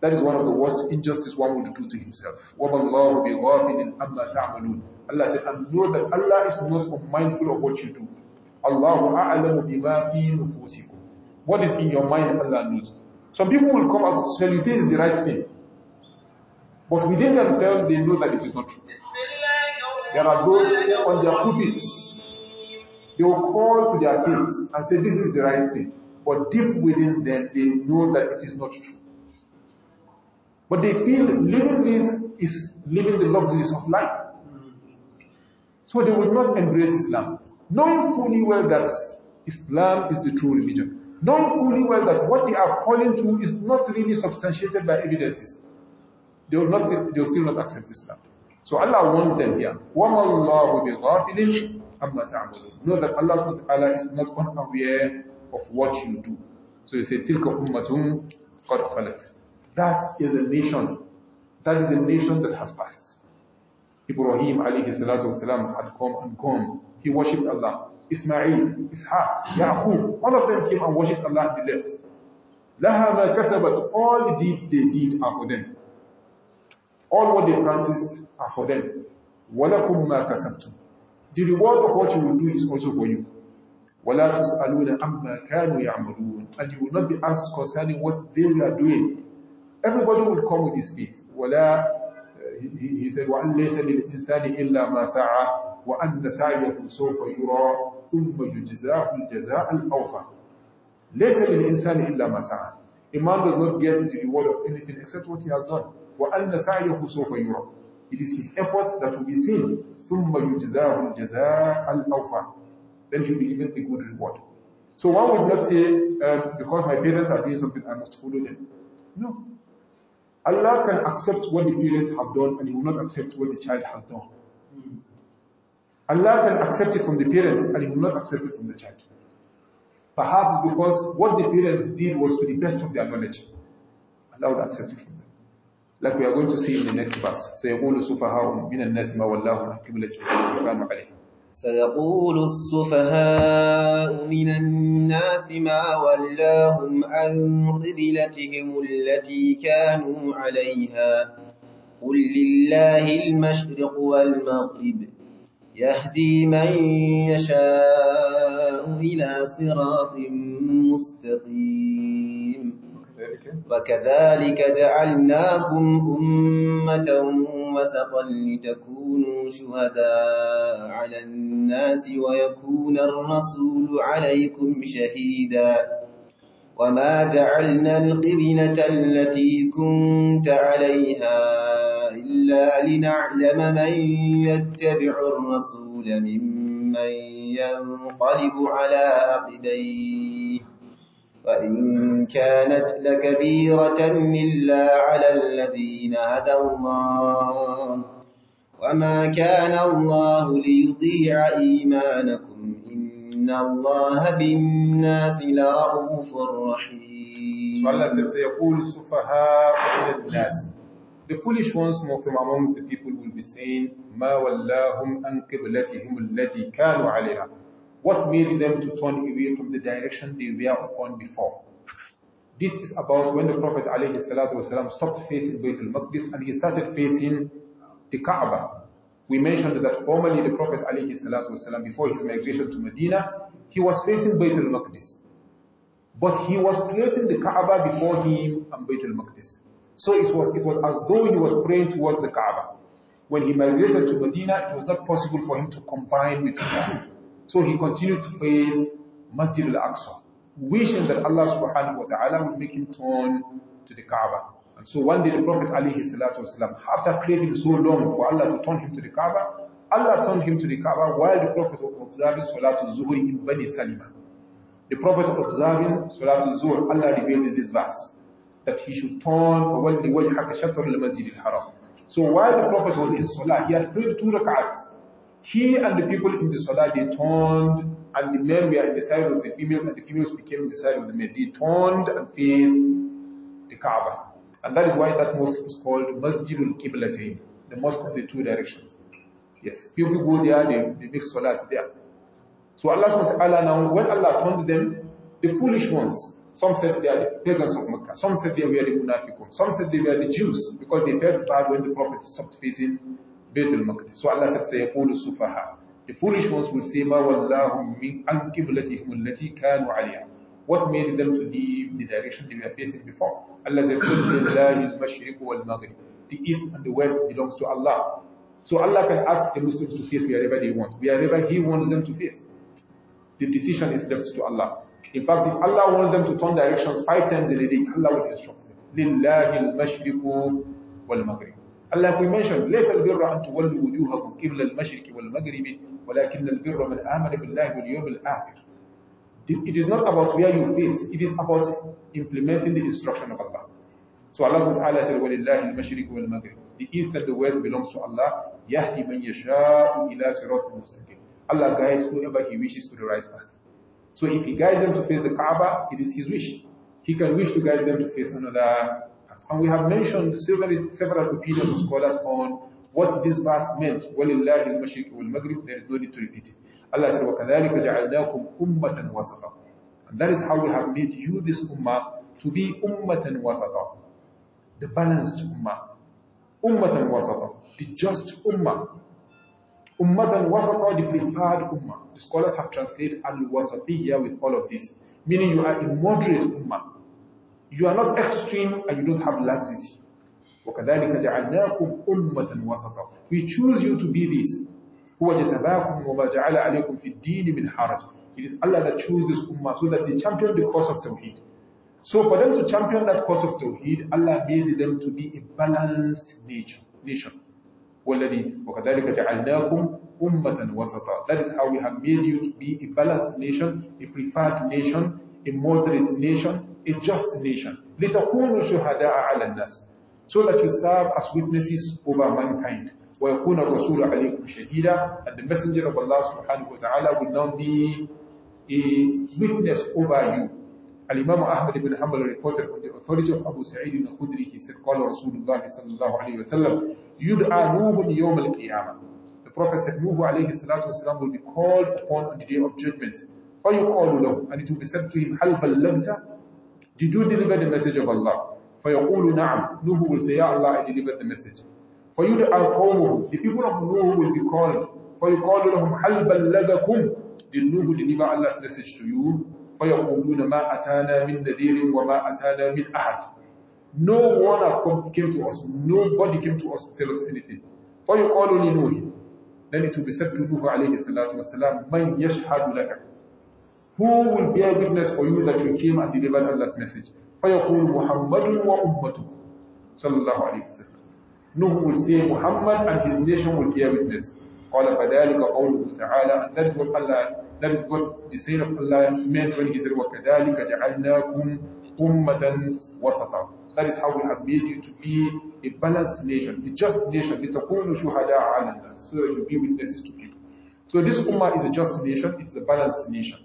That is one of the worst injustices one would do to himself. وَمَاللَّهُ بِغَافِلٍ أَمَّا تَعْمَلُونَ Allah said, and know that Allah is not mindful of what you do. Allahu a'lamu bima fi nufusikum. What is in your mind, Allah knows. Some people will come out and tell you this is the right thing. But within themselves, they know that it is not true. There are those on their pulpits. They will call to their kids and say, this is the right thing. But deep within them, they know that it is not true. But they feel living this is living the luxuries of life. So they will not embrace Islam. Knowing fully well that Islam is the true religion. Knowing fully well that what they are calling to is not really substantiated by evidences. They will, not, they will still not accept Islam. So Allah wants them here. وَمَا اللَّهُ بِغَافِلٍ أَمَّا تَعْمَلُونَ Know that Allah subhanahu is not unaware of what you do. So he said, تِلْكَ أُمَّةٌ قَدْ خَلَتْ That is a nation. That is a nation that has passed. Ibrahim alayhi salatu wasalam had come and gone. He worshipped Allah. Ismail, Ishaq, Yaqub, all of them came and worshipped Allah and they left. لَهَا مَا كَسَبَتْ All the deeds they did are for them. All what they practiced are for them. وَلَكُمْ مَا كَسَبْتُمْ The reward of what you will do is also for you. وَلَا تُسْأَلُونَ عَمَّا كَانُوا يَعْمَلُونَ And you will not be asked concerning what they are doing. Everybody will come with his feet. وَلَا uh, he, he said, وَأَنْ لَيْسَ لِلْإِنسَانِ إِلَّا مَا سَعَى وَأَنَّ سَعْيَهُ سَوْفَ يُرَى ثُمَّ يُجْزَاهُ الْجَزَاءَ الْأَوْفَى لَيْسَ لِلْإِنسَانِ إِلَّا مَا سَعَى A man does not get the reward of anything except what he has done. وَأَنَّ سَعْيَهُ سَوْفَ يُرَى It is his effort that will be seen. ثُمَّ يُجْزَاهُ الْجَزَاءَ الْأَوْفَى Then he will be given the good reward. So one would not say, um, because my parents are doing something, I must follow them. No. Allah can accept what the parents have done and He will not accept what the child has done. Hmm. Allah can accept it from the parents and He will not accept it from the child. Perhaps because what the parents did was to the best of their knowledge. Allah would accept it from them. like we are going to see in the next verse سيقول السفهاء من الناس ما ولاهم عن قبلتهم التي كانوا عليها سيقول السفهاء من الناس ما ولاهم عن قبلتهم التي كانوا عليها قل لله المشرق والمغرب يهدي من يشاء إلى صراط مستقيم وَكَذَٰلِكَ جَعَلْنَاكُمْ أُمَّةً وَسَطًا لِّتَكُونُوا شُهَدَاءَ عَلَى النَّاسِ وَيَكُونَ الرَّسُولُ عَلَيْكُمْ شَهِيدًا ۗ وَمَا جَعَلْنَا الْقِبْلَةَ الَّتِي كُنتَ عَلَيْهَا إِلَّا لِنَعْلَمَ مَن يَتَّبِعُ الرَّسُولَ مِمَّن يَنقَلِبُ عَلَىٰ عَقِبَيْهِ وإن كانت لكبيرة إلا على الذين هدى الله وما كان الله ليضيع إيمانكم إن الله بالناس لرؤوف رحيم Allah says, يقول السفهاء إلى الناس The foolish ones more from amongst the people will be saying, ما ولاهم أن قبلتهم التي كانوا عليها what made them to turn away from the direction they were upon before. This is about when the Prophet ﷺ stopped facing Bayt al-Maqdis and he started facing the Kaaba. We mentioned that formerly the Prophet ﷺ, before his migration to Medina, he was facing Bayt al-Maqdis. But he was placing the Kaaba before him and Bayt al-Maqdis. So it was, it was as though he was praying towards the Kaaba. When he migrated to Medina, it was not possible for him to combine with the two. So he continued to face Masjid al-Aqsa, wishing that Allah subhanahu wa ta'ala would make him turn to the Kaaba. And so one day the Prophet alayhi salatu wasalam, after craving so long for Allah to turn him to the Kaaba, Allah turned him to the Kaaba while the Prophet was observing Salatul zuhri in Bani Salima. The Prophet observing Salatul zuhri Allah revealed this verse, that he should turn for وَلِّ وَجْحَكَ Masjid al-Haram. So while the Prophet was in Salah, he had prayed two rak'ats. He and the people in the Salah, they turned, and the men were in the side of the females, and the females became in the side of the men. They turned and faced the Kaaba. And that is why that mosque is called Masjidul Qiblatain, the mosque of the two directions. Yes, people go there, they, they make salat there. So Allah subhanahu "Allah, now, when Allah turned them, the foolish ones, some said they are the pagans of Mecca, some said they were the munafiqun, some said they were the Jews, because they felt bad when the Prophet stopped facing so Allah said, سَيَقُولُ السُّفَهَا The foolish ones will say, مَا وَاللَّهُمْ مِنْ أَنْكِبْلَتِهِمُ الَّتِي كَانُوا عليها. What made them to leave the direction they were facing before? Allah said, قُلْ لِلَّهِ الْمَشْرِقُ وَالْمَغْرِبُ The east and the west belongs to Allah. So Allah can ask the Muslims to face wherever they want, wherever He wants them to face. The decision is left to Allah. In fact, if Allah wants them to turn directions five times in a day, Allah will instruct them. لِلَّهِ الْمَشْرِقُ وَالْمَغْرِبُ and like we mentioned, لَيْسَ الْبِرَّ أَن تُوَلُّوا وُجُوهَكُمْ قِبْلَ الْمَشْرِكِ وَالْمَغْرِبِ وَلَكِنَّ الْبِرَّ مَنْ آمَنَ بِاللَّهِ وَالْيَوْمِ الْآخِرِ It is not about where you face, it is about implementing the instruction of Allah. So Allah subhanahu wa ta'ala said, وَلِلَّهِ الْمَشْرِكُ وَالْمَغْرِبِ The east and the west belongs to Allah. يَهْدِ مَنْ يَشَاءُ إِلَى صِرَاطٍ مُسْتَقِيمٍ Allah guides whoever He wishes to the right path. So if He guides them to face the Kaaba, it is His wish. He can wish to guide them to face another and we have mentioned several, several opinions of scholars on what this verse meant. وَلِلَّهِ الْمَشْرِكِ وَالْمَغْرِبِ There is no need to repeat it. Allah said, وَكَذَلِكَ جَعَلْنَاكُمْ أُمَّةً وَسَطًا And that is how we have made you, this ummah, to be and wasata. The balanced ummah. and wasata. The just ummah. Ummatan wasata, the preferred ummah. The scholars have translated al-wasatiyya with all of this. Meaning you are a moderate ummah. You are not extreme and you don't have laxity. وَكَذَلِكَ جَعَلْنَاكُمْ أُمَّةً وَسَطًا We choose you to be this. هُوَ جَتَبَاكُمْ وَمَا جَعَلَ عَلَيْكُمْ فِي الدِّينِ مِنْ حَرَجٍ It is Allah that chose this ummah so that they champion the cause of Tawheed. So for them to champion that cause of Tawheed, Allah made them to be a balanced nature, nation. وَالَّذِي وَكَذَلِكَ جَعَلْنَاكُمْ ummatan wasata. That is how we have made you to be a balanced nation, a preferred nation, a moderate nation, a just nation. لِتَكُونُوا شُهَدَاءَ عَلَى النَّاسِ So that you serve as witnesses over mankind. وَيَكُونَ الرَّسُولُ عَلَيْكُمْ شَهِيدًا And the messenger of Allah subhanahu wa ta'ala will now be a witness over you. Al-Imam Ahmad ibn Hanbal reported on the authority of Abu Sa'id ibn Khudri, he said, قال رسول الله صلى الله عليه وسلم يدعى يوم القيامة The Prophet said, Nuhu alayhi salatu wasalam will be called upon on the day of judgment. فَيُقَالُ لَهُ And it will be said to him, هَلْ بَلَّغْتَ did you deliver the message of Allah? For your نَعَمْ Nuhu will say, Ya Allah, I delivered the message. For you, The people of Nuhu will be called. For فَيُقَالُ لَهُمْ Halbal بَلَّغَكُمْ Did Nuhu deliver Allah's message to you? فَيَقُولُونَ مَا أَتَانَا مِن نَذِيرٍ وَمَا أَتَانَا مِنْ أَحَدٍ No one came to us. Nobody came to us to tell us anything. فَيُقَالُ لِنُوهِ Then it will be said to Nuhu عليه salatu wasalam, مَنْ لَكَ who will bear witness for you that you came and delivered Allah's message? فَيَقُولُ مُحَمَّدٌ وَأُمَّتُهُ صلى الله عليه وسلم Nuh will say Muhammad and his nation will bear witness. قال فذلك قوله تعالى and that is what Allah that is what the saying of Allah meant when he said وَكَذَلِكَ جَعَلْنَاكُمْ أُمَّةً وَسَطًا That is how we have made you to be a balanced nation, a just nation, لِتَكُونُ شُهَدَاءَ عَلَى النَّاسِ So that you be witnesses to people. So this ummah is a just nation, it's a balanced nation.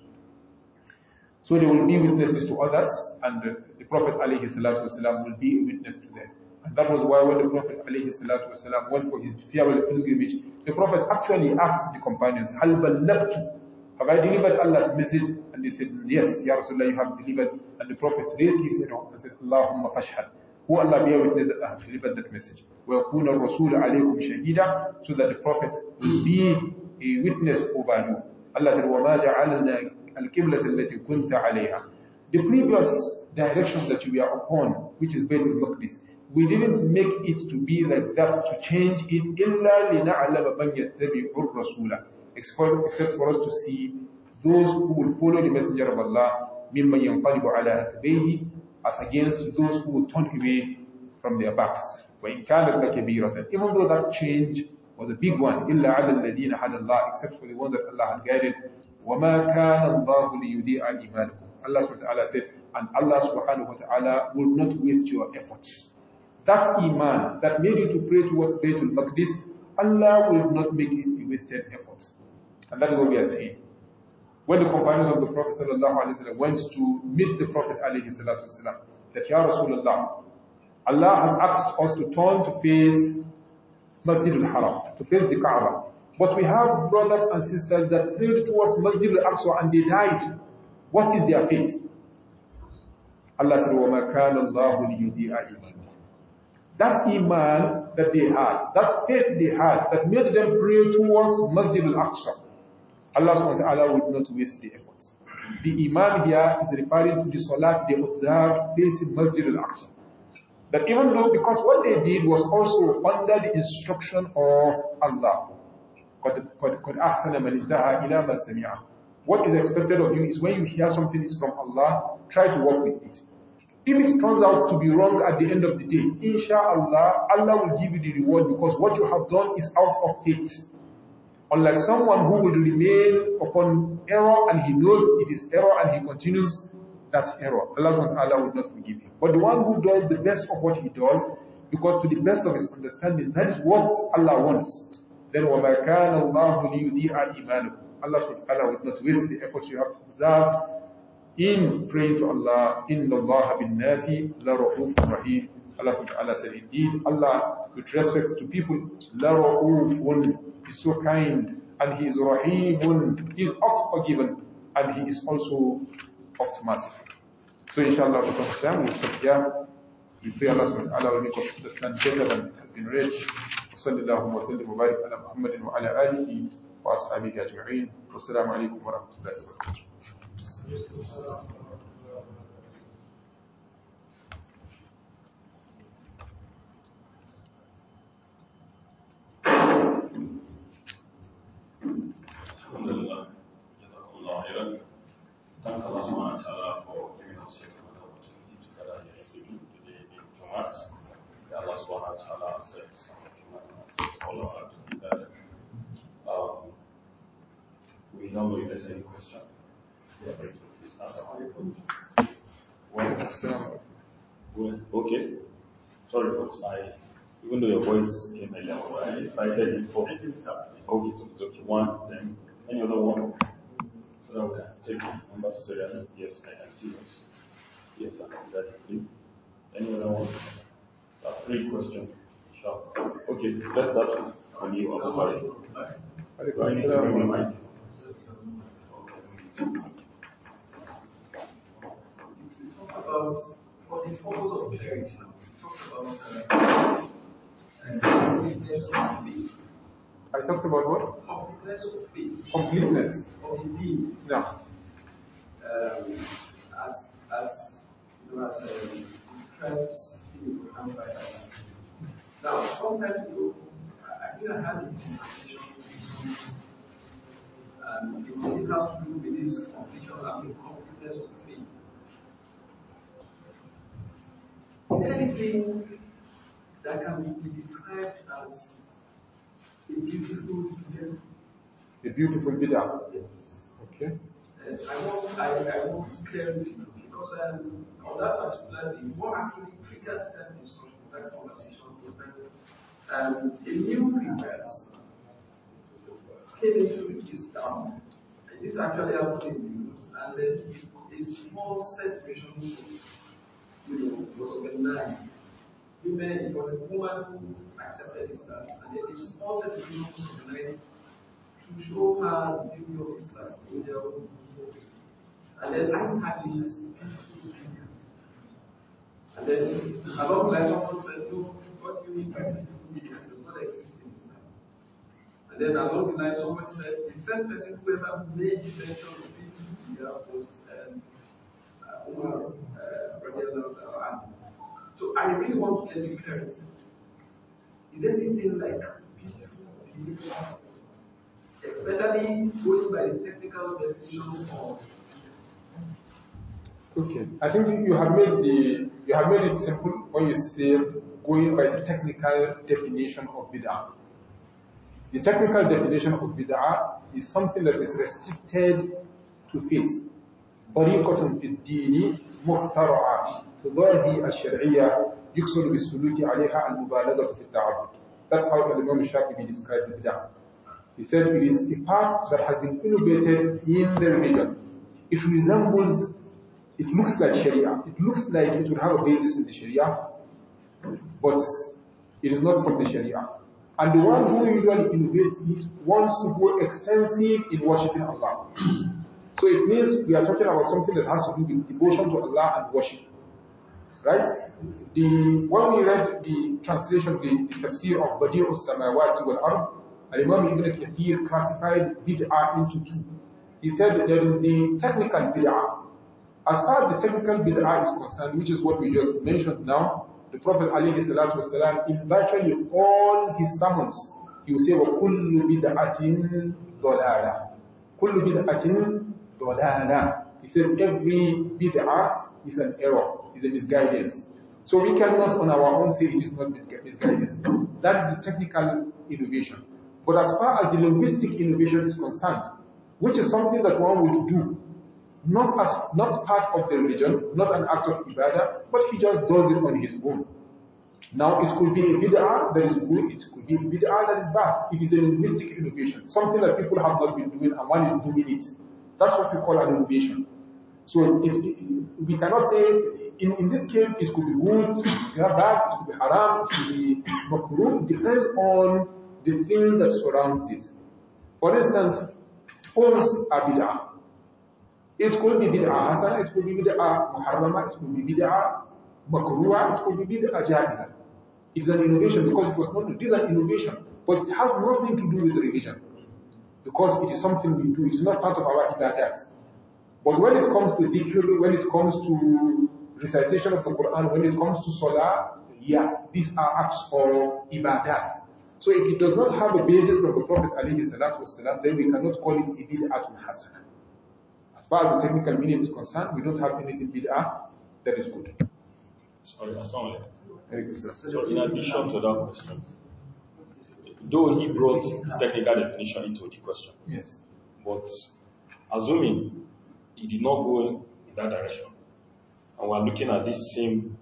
So they will be witnesses to others, and the Prophet والسلام, will be a witness to them. And that was why when the Prophet والسلام, went for his farewell pilgrimage, the Prophet actually asked the companions, Have I delivered Allah's message? And they said, Yes, Ya Rasulullah, you have delivered. And the Prophet raised his head and said, Allahumma fashhad. Who Allah be a witness that I have delivered that message. وَيَكُونَ الرَّسُولُ So that the Prophet will be a witness over you. Allah said, al allati The previous direction that you were upon, which is on Maqdis, we didn't make it to be like that, to change it, Except for us to see those who will follow the Messenger of Allah, as against those who will turn away from their backs. Even though that change was a big one. Illa عَلَى ladina هَدَى Except for the ones that Allah had guided. وَمَا كَانَ اللَّهُ لِيُدِيعَ إِيمَانَكُمْ Allah subhanahu wa ta'ala said, and Allah subhanahu wa ta'ala will not waste your efforts. That iman that made you to pray towards Baytul Maqdis, Allah will not make it a wasted effort. And that is what we are saying. When the companions of the Prophet ﷺ went to meet the Prophet sallam, that Ya Rasulullah, Allah has asked us to turn to face Masjid al-Haram, to face the Kaaba. But we have brothers and sisters that prayed towards Masjid al-Aqsa and they died. What is their fate? Allah said, وَمَا كَانَ اللَّهُ لِيُدِيعَ إِمَانًا That iman that they had, that faith they had, that made them pray towards Masjid al-Aqsa, Allah SWT wa would not waste the effort. The iman here is referring to the salat they observed facing Masjid al-Aqsa. That even though, because what they did was also under the instruction of Allah. What is expected of you is when you hear something is from Allah, try to work with it. If it turns out to be wrong at the end of the day, inshallah, Allah will give you the reward because what you have done is out of faith. Unlike someone who will remain upon error and he knows it is error and he continues that error. Allah SWT will not forgive him. But the one who does the best of what he does, because to the best of his understanding, that is what Allah wants. Then وَمَا كَانَ اللَّهُ لِيُذِيعَ إِيمَانُكُمْ Allah SWT will not waste the efforts you have observed in praying to Allah. إِنَّ Nasi La لَرَحُوفٌ رَحِيمٌ Allah SWT said, indeed, Allah, with respect to people, لَرَحُوفٌ is so kind, and He is rahimun, He is oft forgiven, and He is also oft merciful. So inshallah because of them we'll stop here. We pray Allah subhanahu wa ta'ala will make us understand better than it has been read. وصلى الله وسلم وبارك على محمد وعلى آله وأصحابه أجمعين والسلام عليكم ورحمة الله وبركاته. even though your voice came earlier, I excited it for. Okay, so it's okay. One, then any other one. So that we can take numbers serially. Yes, I can see this. Yes, I can that three. Any other one? Uh, three questions. Sure. Okay, let's start with you, Abu Hari. About for the purpose of charity, talk about uh, Completeness of I talked about what? Completeness of Completeness. Of Yeah. Um, as, as, you know, as a um, describes in the Quran by Now, some time I think I had a conversation with and um, it has to do with this completion and completeness of faith. Is there anything that can be described as a beautiful bid'ah. A beautiful bid'ah? Yes. Okay. And I want, I, I want clarity because um, on that particular day, what actually triggered that discussion, that conversation, was that um, a new convert came into Islam, and this actually happened in the news, and then a small celebration you know, was organized women, it was a woman who accepted Islam. And it is also the people of the night to show her the beauty of Islam in their own way. And then I had this. And then along the line, said, No, what you need by beautiful does not exist in Islam. And then along the line, someone said, The first person who ever made mention of beauty was um, Umar, uh, uh so I really want to get clarity. Is anything like Especially going by the technical definition of Okay. I think you have made the you have made it simple when you said going by the technical definition of bid'ah. The technical definition of bid'ah is something that is restricted to faith. طريقة في الدين مخترعة الشرعية بالسلوك عليها المبالغة في التعبد. That's how Imam Shafi'i described the bid'ah. He said it is a path that has been innovated in the religion. It resembles, it looks like Sharia. It looks like it would have a basis in the Sharia, but it is not from the Sharia. And the one who usually innovates it wants to go extensive in worshipping Allah. So it means we are talking about something that has to do with devotion to Allah and worship. Right? The, when we read the translation, the, the tafsir of Badi'u Samawati wal Ard, Al-Imam Ibn Kathir classified bid'ah into two. He said there is the technical bid'ah. As far as the technical bid'ah is concerned, which is what we just mentioned now, the Prophet والسلام, in virtually all his sermons, he will say, وَكُلُّ بِدْعَةٍ ضَلَالَةٍ كُلُّ بِدْعَةٍ he says every bid'ah is an error, is a misguidance. So we cannot on our own say it is not misguidance. That's the technical innovation. But as far as the linguistic innovation is concerned, which is something that one would do, not as not part of the religion, not an act of ibadah, but he just does it on his own. Now, it could be a bid'ah that is good, it could be a bid'ah that is bad. It is a linguistic innovation, something that people have not been doing and one is doing it. That's what we call an innovation. So it, it, we cannot say, in, in this case, it could be good, it could be bad, it could be haram, it could be makruh. It depends on the thing that surrounds it. For instance, phones are bid'ah. It could be bid'ah hasana, it could be bid'ah muharrama, it could be bid'ah makruha, it could be bid'ah jaiza. It's an innovation because it was not, it is an innovation, but it has nothing to do with religion because it is something we do. It's not part of our ibadat. But when it comes to dhikr, when it comes to recitation of the Quran, when it comes to salah, yeah, these are acts of ibadat. So if it does not have a basis from the Prophet والسلام, then we cannot call it a hasana. As far as the technical meaning is concerned, we don't have anything bid'ah that is good. Sorry, saw alaikum. So in addition to that question, Though he brought the technical definition into the question. Yes. But assuming he did not go in that direction, and we're looking at this same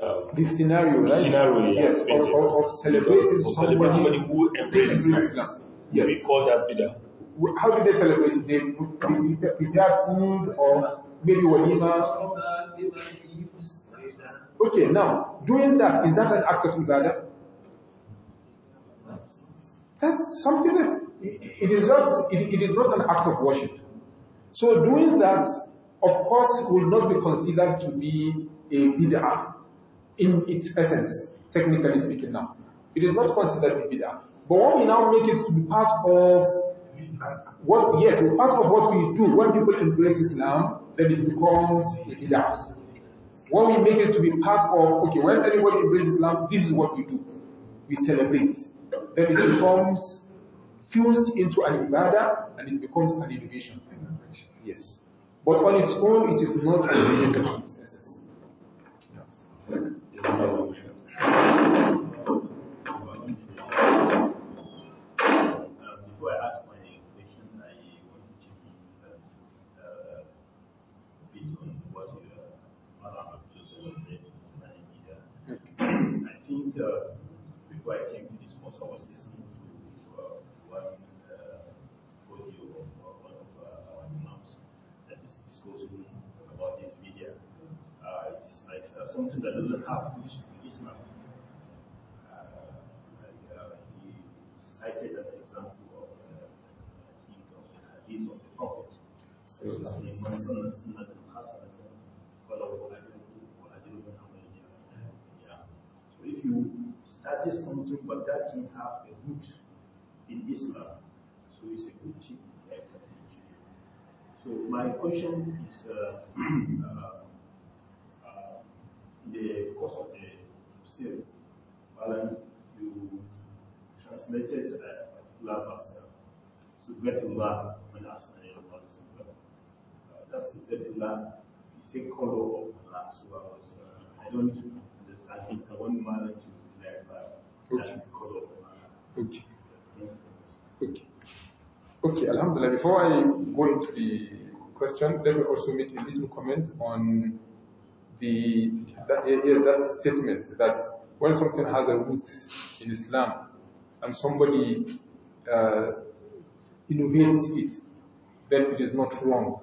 um, this scenario, right? Scenario, yes, of, of, of celebrating of somebody, somebody who embraces Islam. Yes. We call that bidah. How did they celebrate? They prepared food or maybe walima. Okay, now doing that is that an act of ibadah? That's something that it is just, it, it is not an act of worship. So doing that, of course, will not be considered to be a bid'ah in its essence, technically speaking now. It is not considered a bid'ah. But when we now make it to be part of what, yes, part of what we do when people embrace Islam, then it becomes a bid'ah. When we make it to be part of, okay, when anybody embraces Islam, this is what we do. We celebrate then it becomes fused into an ibadah and it becomes an innovation. Yes. But on its own, it is not an innovation. in its essence. Yeah. you started something but that thing have a root in Islam, so it's a good thing. So my question is, uh, uh, uh, in the course of the tafsir, Alan, you translated a uh, particular verse, uh, Subhatillah, when asking about Subhat. That's Subhatillah, it's a color of Allah, so I was, uh, I don't I think I want to clarify okay. Okay. Okay. Okay, Alhamdulillah. Before I go into the question, let me also make a little comment on the that, yeah, that statement that when something has a root in Islam and somebody uh, innovates it, then it is not wrong.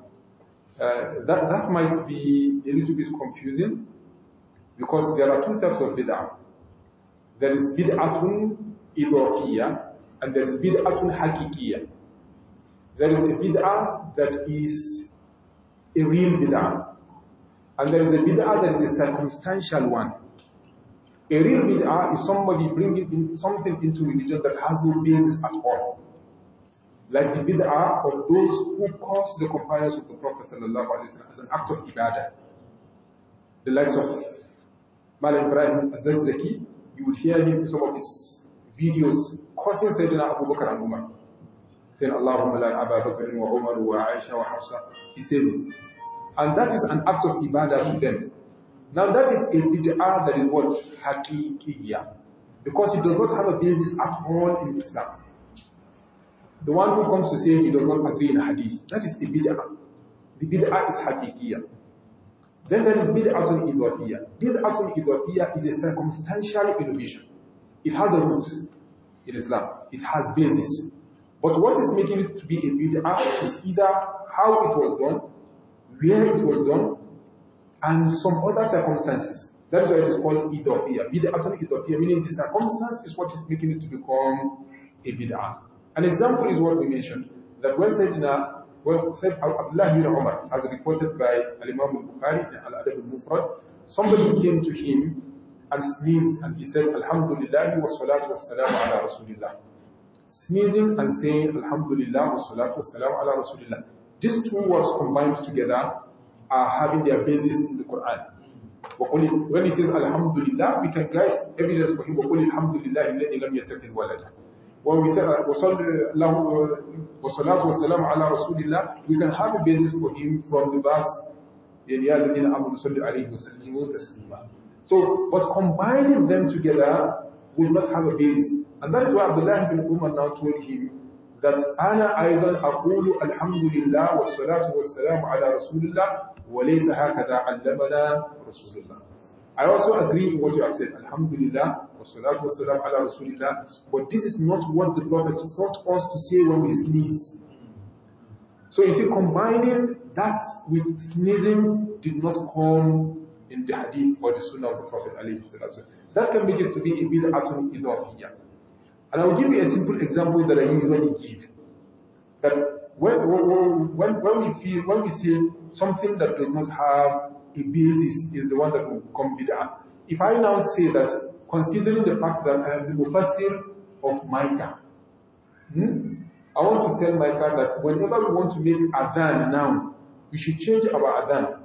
Uh, that, that might be a little bit confusing because there are two types of bid'ah. There is bid'atun idafiyya and there is bid'atun hakikiyya. There is a bid'ah that is a real bid'ah. And there is a bid'ah that is a circumstantial one. A real bid'ah is somebody bringing in something into religion that has no basis at all. Like the bid'ah of those who pass the companions of the Prophet as an act of ibadah. The likes of Malam Ibrahim Azizaki, you will hear him in some of his videos causing Sayyidina Abu Bakr and Umar. Saying, Allahumma la Abu Bakr wa Umar wa Aisha wa Hafsa. He says it. And that is an act of ibadah to them. Now that is a bid'ah that is what? Haqiqiyya. Because it does not have a basis at all in Islam. The one who comes to say he does not agree in hadith, that is a bid'ah. The bid'ah is haqiqiyya. Then there is bid'atul Bid'ah Bid'atul idwafiyya is a circumstantial innovation. It has a root in Islam. It has basis. But what is making it to be a bid'ah is either how it was done, where it was done, and some other circumstances. That is why it is called Bid'ah Bid'atul idwafiyya, meaning the circumstance is what is making it to become a bid'ah. An example is what we mentioned, that when Sayyidina well, said Abdullah bin Umar, as reported by Al-Imam al-Bukhari in Al-Adab al-Mufrad, somebody came to him and sneezed and he said, Alhamdulillah wa salatu wa salam ala Rasulillah. Sneezing and saying, Alhamdulillah wa salatu wa salam ala Rasulillah. These two words combined together are having their basis in the Quran. When he says Alhamdulillah, we can guide evidence for him. Alhamdulillah, الْحَمْدُ لِلَّهِ الَّذِي لَمْ يَتَّخِذْ وَلَدًا when we say, uh, uh, We can have a basis for him from the verse, So, but combining them together will not have a basis. And that is why Abdullah ibn Umar now told him that أَنَا أَيْضًا أَقُولُ الْحَمْدُ لِلَّهِ وَالصَّلَاةُ وَالسَّلَامُ عَلَىٰ رَسُولِ اللَّهِ وَلَيْسَ هَكَذَا عَلَّمَنَا رَسُولُ اللَّهِ I also agree with what you have said. Alhamdulillah, wa Wassalam ala rasulillah. But this is not what the Prophet taught us to say when we sneeze. So you see, combining that with sneezing did not come in the hadith or the sunnah of the Prophet That can make it to be a bid'atun idafiyya. And I will give you a simple example that I usually give. That when, when, when, we feel, when we see something that does not have a basis is the one that will become bid'ah. If I now say that, considering the fact that I am the mufassir of Micah, hmm? I want to tell Micah that whenever we want to make adhan now, we should change our adhan.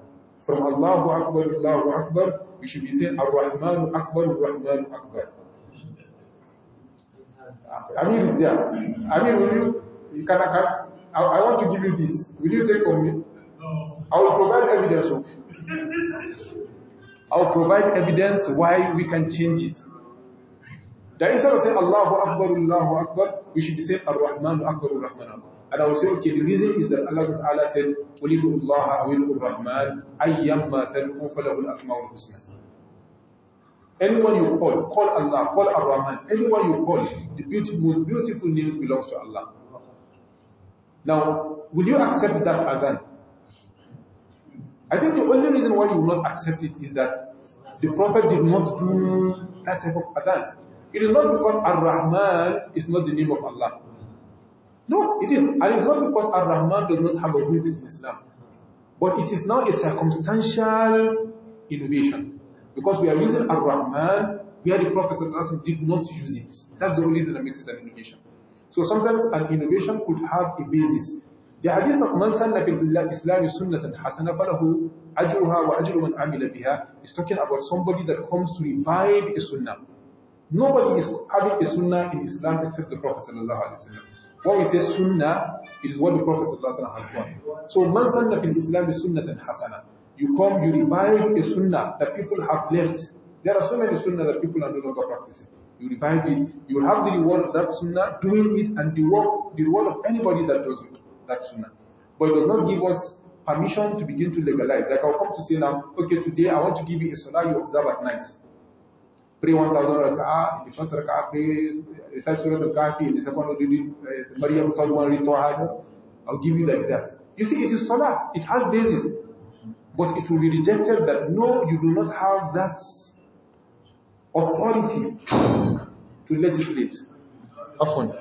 From Allahu Akbar, Allahu Akbar, we should be saying Ar-Rahmanu Akbar, Ar-Rahmanu Akbar. I mean, yeah. I will you, you can, I, I want to give you this. Will you take from me? I will provide evidence. I'll provide evidence why we can change it. That instead of saying Allahu Akbar, Allahu Akbar, we should be saying Ar-Rahman, Akbar, Ar-Rahman, And I will say, okay, the reason is that Allah Ta'ala said, وَلِدُ اللَّهَ أَوِلُ الرَّحْمَنِ أَيَّمَّا تَلْقُوا فَلَهُ الْأَسْمَاءُ الْحُسْنَى Anyone you call, call Allah, call Ar-Rahman. Anyone you call, the beautiful, most beautiful names belongs to Allah. Now, will you accept that adhan? I think the only reason why you will not accept it is that the Prophet did not do that type of adhan. It is not because Ar-Rahman is not the name of Allah. No, it is. And it's not because Ar-Rahman does not have a root in Islam. But it is now a circumstantial innovation. Because we are using Ar-Rahman where the Prophet did not use it. That's the only thing that makes it an innovation. So sometimes an innovation could have a basis. The hadith of man sanna fil islami is talking about somebody that comes to revive a sunnah. Nobody is having a sunnah in Islam except the Prophet sallallahu alaihi wasallam. When we say sunnah, it is what the Prophet ﷺ has done. So, man sanna fil Islam and hasana. You come, you revive a sunnah that people have left. There are so many sunnah that people are no longer practicing. You revive it, you will have the reward of that sunnah, doing it, and the reward, the reward of anybody that does it that But it does not give us permission to begin to legalize. Like I'll come to say now, okay, today I want to give you a salah you observe at night. Pray 1,000 raka'ah. in the first raka'ah, pray, recite Surah Al-Kahfi, in the second one, read uh, Maryam, third one, read Tawhad. I'll give you like that. You see, it is salah. It has basis. But it will be rejected that no, you do not have that authority to legislate. Often.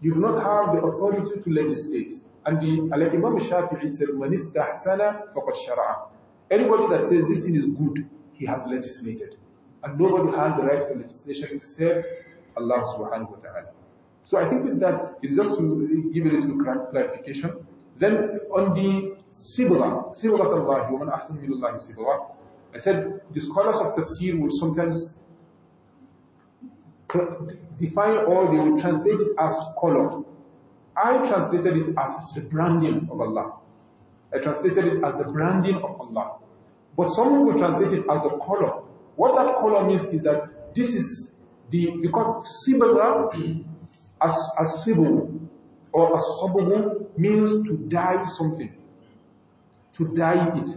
You do not have the authority to legislate. And the like Imam Shafi'i said, "Man istahsana faqad shara'a." Anybody that says this thing is good, he has legislated. And nobody has the right for legislation except Allah subhanahu wa ta'ala. So I think with that, it's just to give a little clarification. Then on the sibla, sibla Allah, wa man ahsan min Allah sibla, I said the scholars of tafsir will sometimes define all they will translate it as color. I translated it as the branding of Allah. I translated it as the branding of Allah. But some will translate it as the color. What that color means is that this is the, because sibra as, as sibu or as sabu means to dye something. To dye it.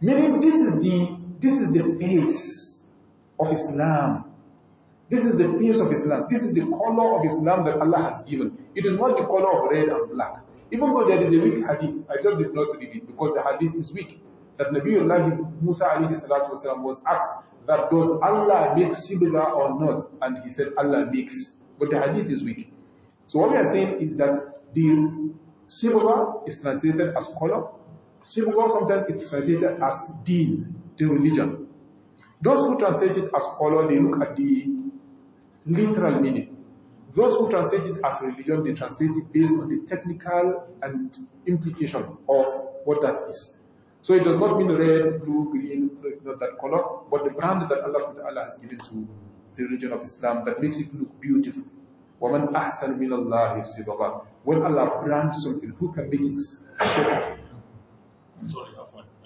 Meaning this is the, this is the face of Islam. This is the face of Islam. This is the color of Islam that Allah has given. It is not the color of red and black. Even though there is a weak hadith, I just did not read it because the hadith is weak. That Nabiullah Musa alayhi salatu wasalam was asked that does Allah make shibra or not? And he said Allah makes. But the hadith is weak. So what we are saying is that the shibra is translated as color. Shibra sometimes it's translated as deen, the religion. Those who translate it as color, they look at the literal meaning. Those who translate it as religion, they translate it based on the technical and implication of what that is. So it does not mean red, blue, green, not that color, but the brand that Allah Ta'ala has given to the religion of Islam that makes it look beautiful. وَمَنْ أَحْسَنُ مِنَ اللَّهِ When Allah brands something, who can make it better? Sorry,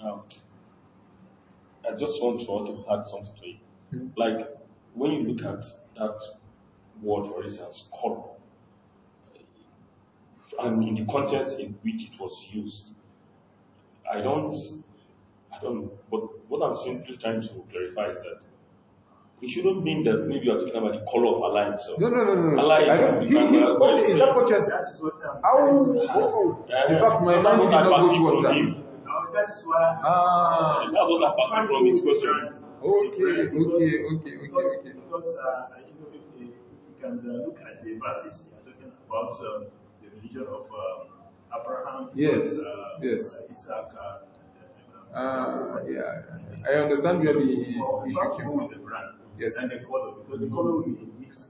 Um, I just want to add something to it. Mm -hmm. Like, when you look at that word, for instance, color, and in the context in which it was used. I don't, I don't, but what I'm simply trying to clarify is that it shouldn't mean that maybe you're talking about the color of Allah itself. No, no, no, no. Allah is, okay, is that what In fact, my mind did not go towards that. That's Ah. That's what I'm passing from this question. Okay, okay, okay, okay. Because, can uh, look at the verses. We are talking about um, the religion of um, Abraham. Yes. Uh, yes. Uh, Isaac. Uh, uh, ah, yeah. I understand where the issue came from. The brand yes. And the color, because the color will mix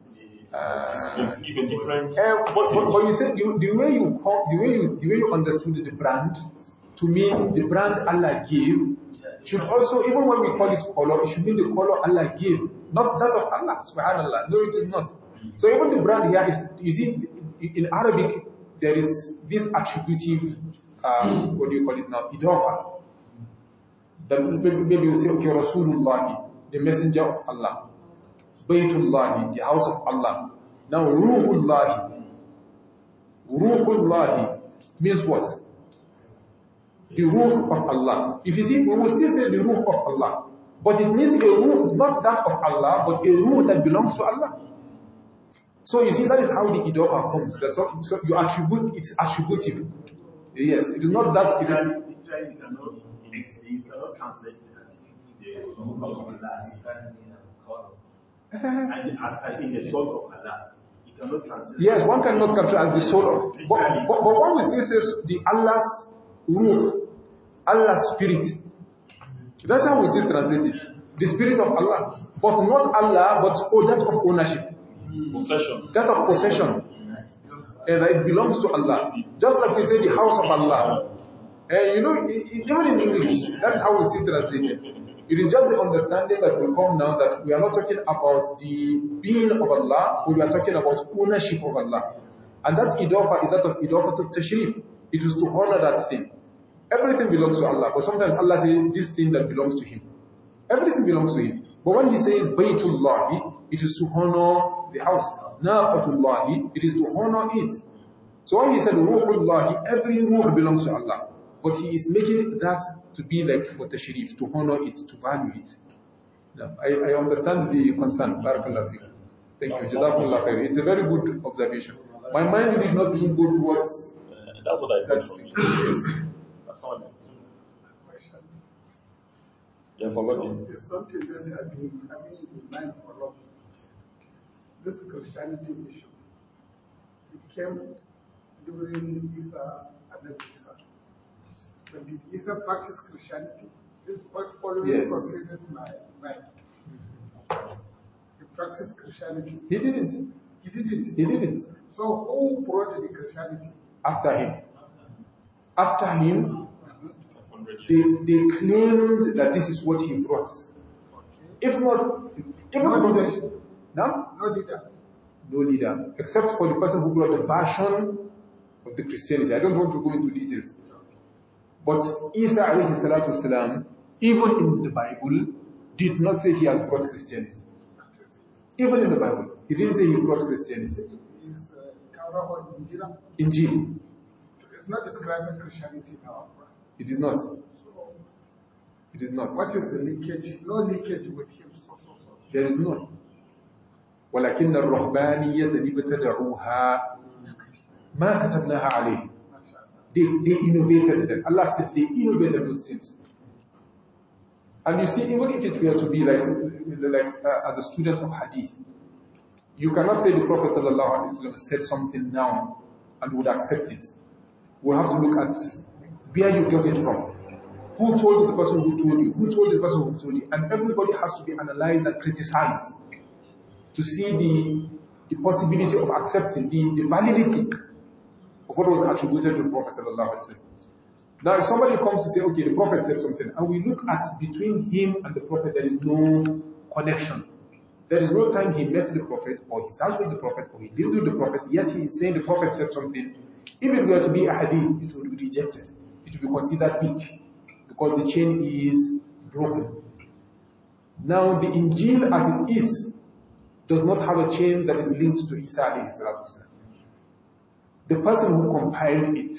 uh, ah. different. Uh, but, but, but, you said you, the way you call, the way you the way you understood the brand to mean the brand Allah gave should also even when we call it color, it should mean the color Allah gave, not that of Allah. Subhanallah. No, it is not. So even the brand here is, you see, in Arabic, there is this attributive, um, what do you call it now, idafa. That maybe you say, okay, Rasulullah, the messenger of Allah. Baytullah, the house of Allah. Now, Ruhullah. Ruhullah means what? The Ruh of Allah. If you see, we will still say the Ruh of Allah. But it means a Ruh, not that of Allah, but a Ruh that belongs to Allah. So you see, that is how the idola comes. That's what, so you attribute, it's attributive. Yes, it is not that. It is, you cannot, translate the of Allah. and as, in the soul of Allah. You cannot translate Yes, one cannot capture as the soul of. But, but, but what we still is the Allah's ruh, Allah's spirit. That's how we still translate it. The spirit of Allah. But not Allah, but oh, that of ownership. Possession. That of possession. And it belongs to Allah. Just like we say the house of Allah. And eh, you know, even in English, that's how we see it translated. It is just the understanding that will come now that we are not talking about the being of Allah, but we are talking about ownership of Allah. And that idofa is that of idofa to tashrif. It is to honor that thing. Everything belongs to Allah, but sometimes Allah says this thing that belongs to Him. Everything belongs to Him. But when He says Allah, it is to honor the house. Naqatullahi, it is to honor it. So when he said Ruhullahi, every ruh belongs to Allah. But he is making that to be like for tashrif, to honor it, to value it. I, I understand the concern. Barakallah fiqh. Thank you. khair. It's a very good observation. My mind did not even go towards that's what I that's thing. It's something that I have been having in the mind of Allah this Christianity issue. It came during Isa and Isa. But did Isa practice Christianity? This is what always yes. confuses my mind. He practiced Christianity. He didn't. He didn't. He didn't. So who brought the Christianity? After him. After him, they, they claimed that this is what he brought. If not, even, no, no leader. No leader. Except for the person who brought the version of the Christianity. I don't want to go into details. But Isa alayhi salatu wasalam, even in the Bible, did not say he has brought Christianity. Even in the Bible, he didn't say he brought Christianity. Uh, Injil. It's not describing Christianity now. It is not. It is not. What is the leakage? No leakage with him. There is none. ولكن الرهبانية دي بتدعوها ما كتبناها عليه they, they innovated them Allah said they innovated those things and you see even if it were to be like like uh, as a student of hadith you cannot say the prophet said something now and would accept it we have to look at where you got it from who told the person who told you who told the person who told you and everybody has to be analyzed and criticized to see the, the possibility of accepting the, the validity of what was attributed to the Prophet sallallahu alaihi wasallam. Now, if somebody comes to say, okay, the Prophet said something, and we look at between him and the Prophet, there is no connection. There is no time he met the Prophet, or he sat with the Prophet, or he lived with the Prophet, yet he is saying the Prophet said something. If it were to be a hadith, it would be rejected. It would be considered weak, because the chain is broken. Now, the Injil as it is, does not have a chain that is linked to Isa alayhi The person who compiled it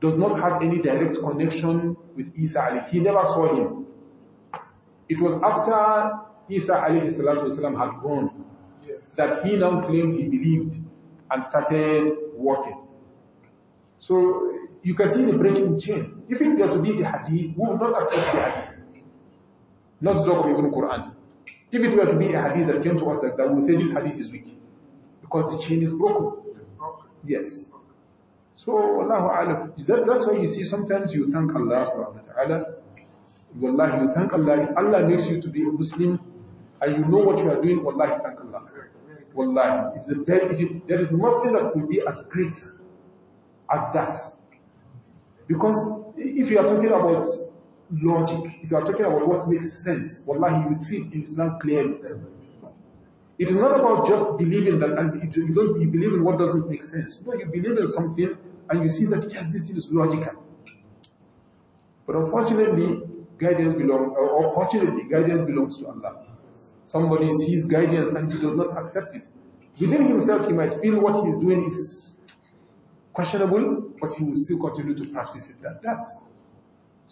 does not have any direct connection with Isa Ali. He never saw him. It was after Isa alayhi had gone yes. that he now claimed he believed and started working. So you can see the breaking chain. If it were to be the hadith, we would not accept the hadith. Not talk of even Quran. If it were to be a hadith that came to us that, we would say this hadith is weak. Because the chain is broken. Yes. So, Allahu that that's why you see sometimes you thank Allah subhanahu wa ta'ala. Wallahi, you thank Allah. Allah makes you to be a Muslim and you know what you are doing, wallahi, thank Allah. Wallahi. It's a very, it, there is nothing that could be as great as that. Because if you are talking about logic, if you are talking about what makes sense, wallahi, you will see it in Islam clearly. It is not about just believing that and it, you don't you believe in what doesn't make sense. No, you believe in something and you see that yes, this thing is logical. But unfortunately, guidance belongs, or fortunately, guidance belongs to Allah. Somebody sees guidance and he does not accept it. Within himself, he might feel what he is doing is questionable, but he will still continue to practice it like that.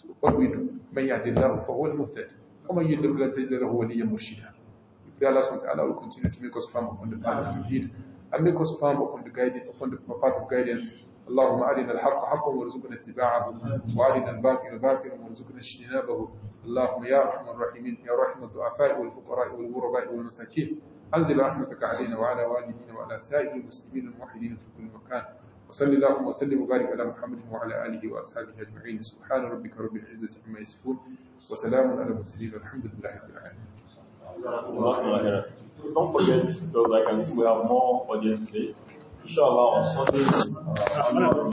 وقوله من يهدي الله فهو المهتد ومن يهدي الله فلن تجد له وليا مرشدا we pray Allah subhanahu wa will continue to make us firm upon the path of tawheed and make us firm upon the guidance upon the path of guidance اللهم أرنا الحق حقا وارزقنا اتباعه وأرنا الباطل باطلا وارزقنا اجتنابه اللهم يا أرحم الراحمين يا رحم الضعفاء والفقراء والغرباء والمساكين أنزل رحمتك علينا وعلى والدينا وعلى سائر المسلمين الموحدين في كل مكان وصلى اللهم وسلم وبارك على محمد وعلى اله واصحابه اجمعين سبحان ربك رب العزه عما يصفون وسلام على المرسلين والحمد لله رب العالمين Don't forget, because I can see we have more audience today. Inshallah, on Sunday.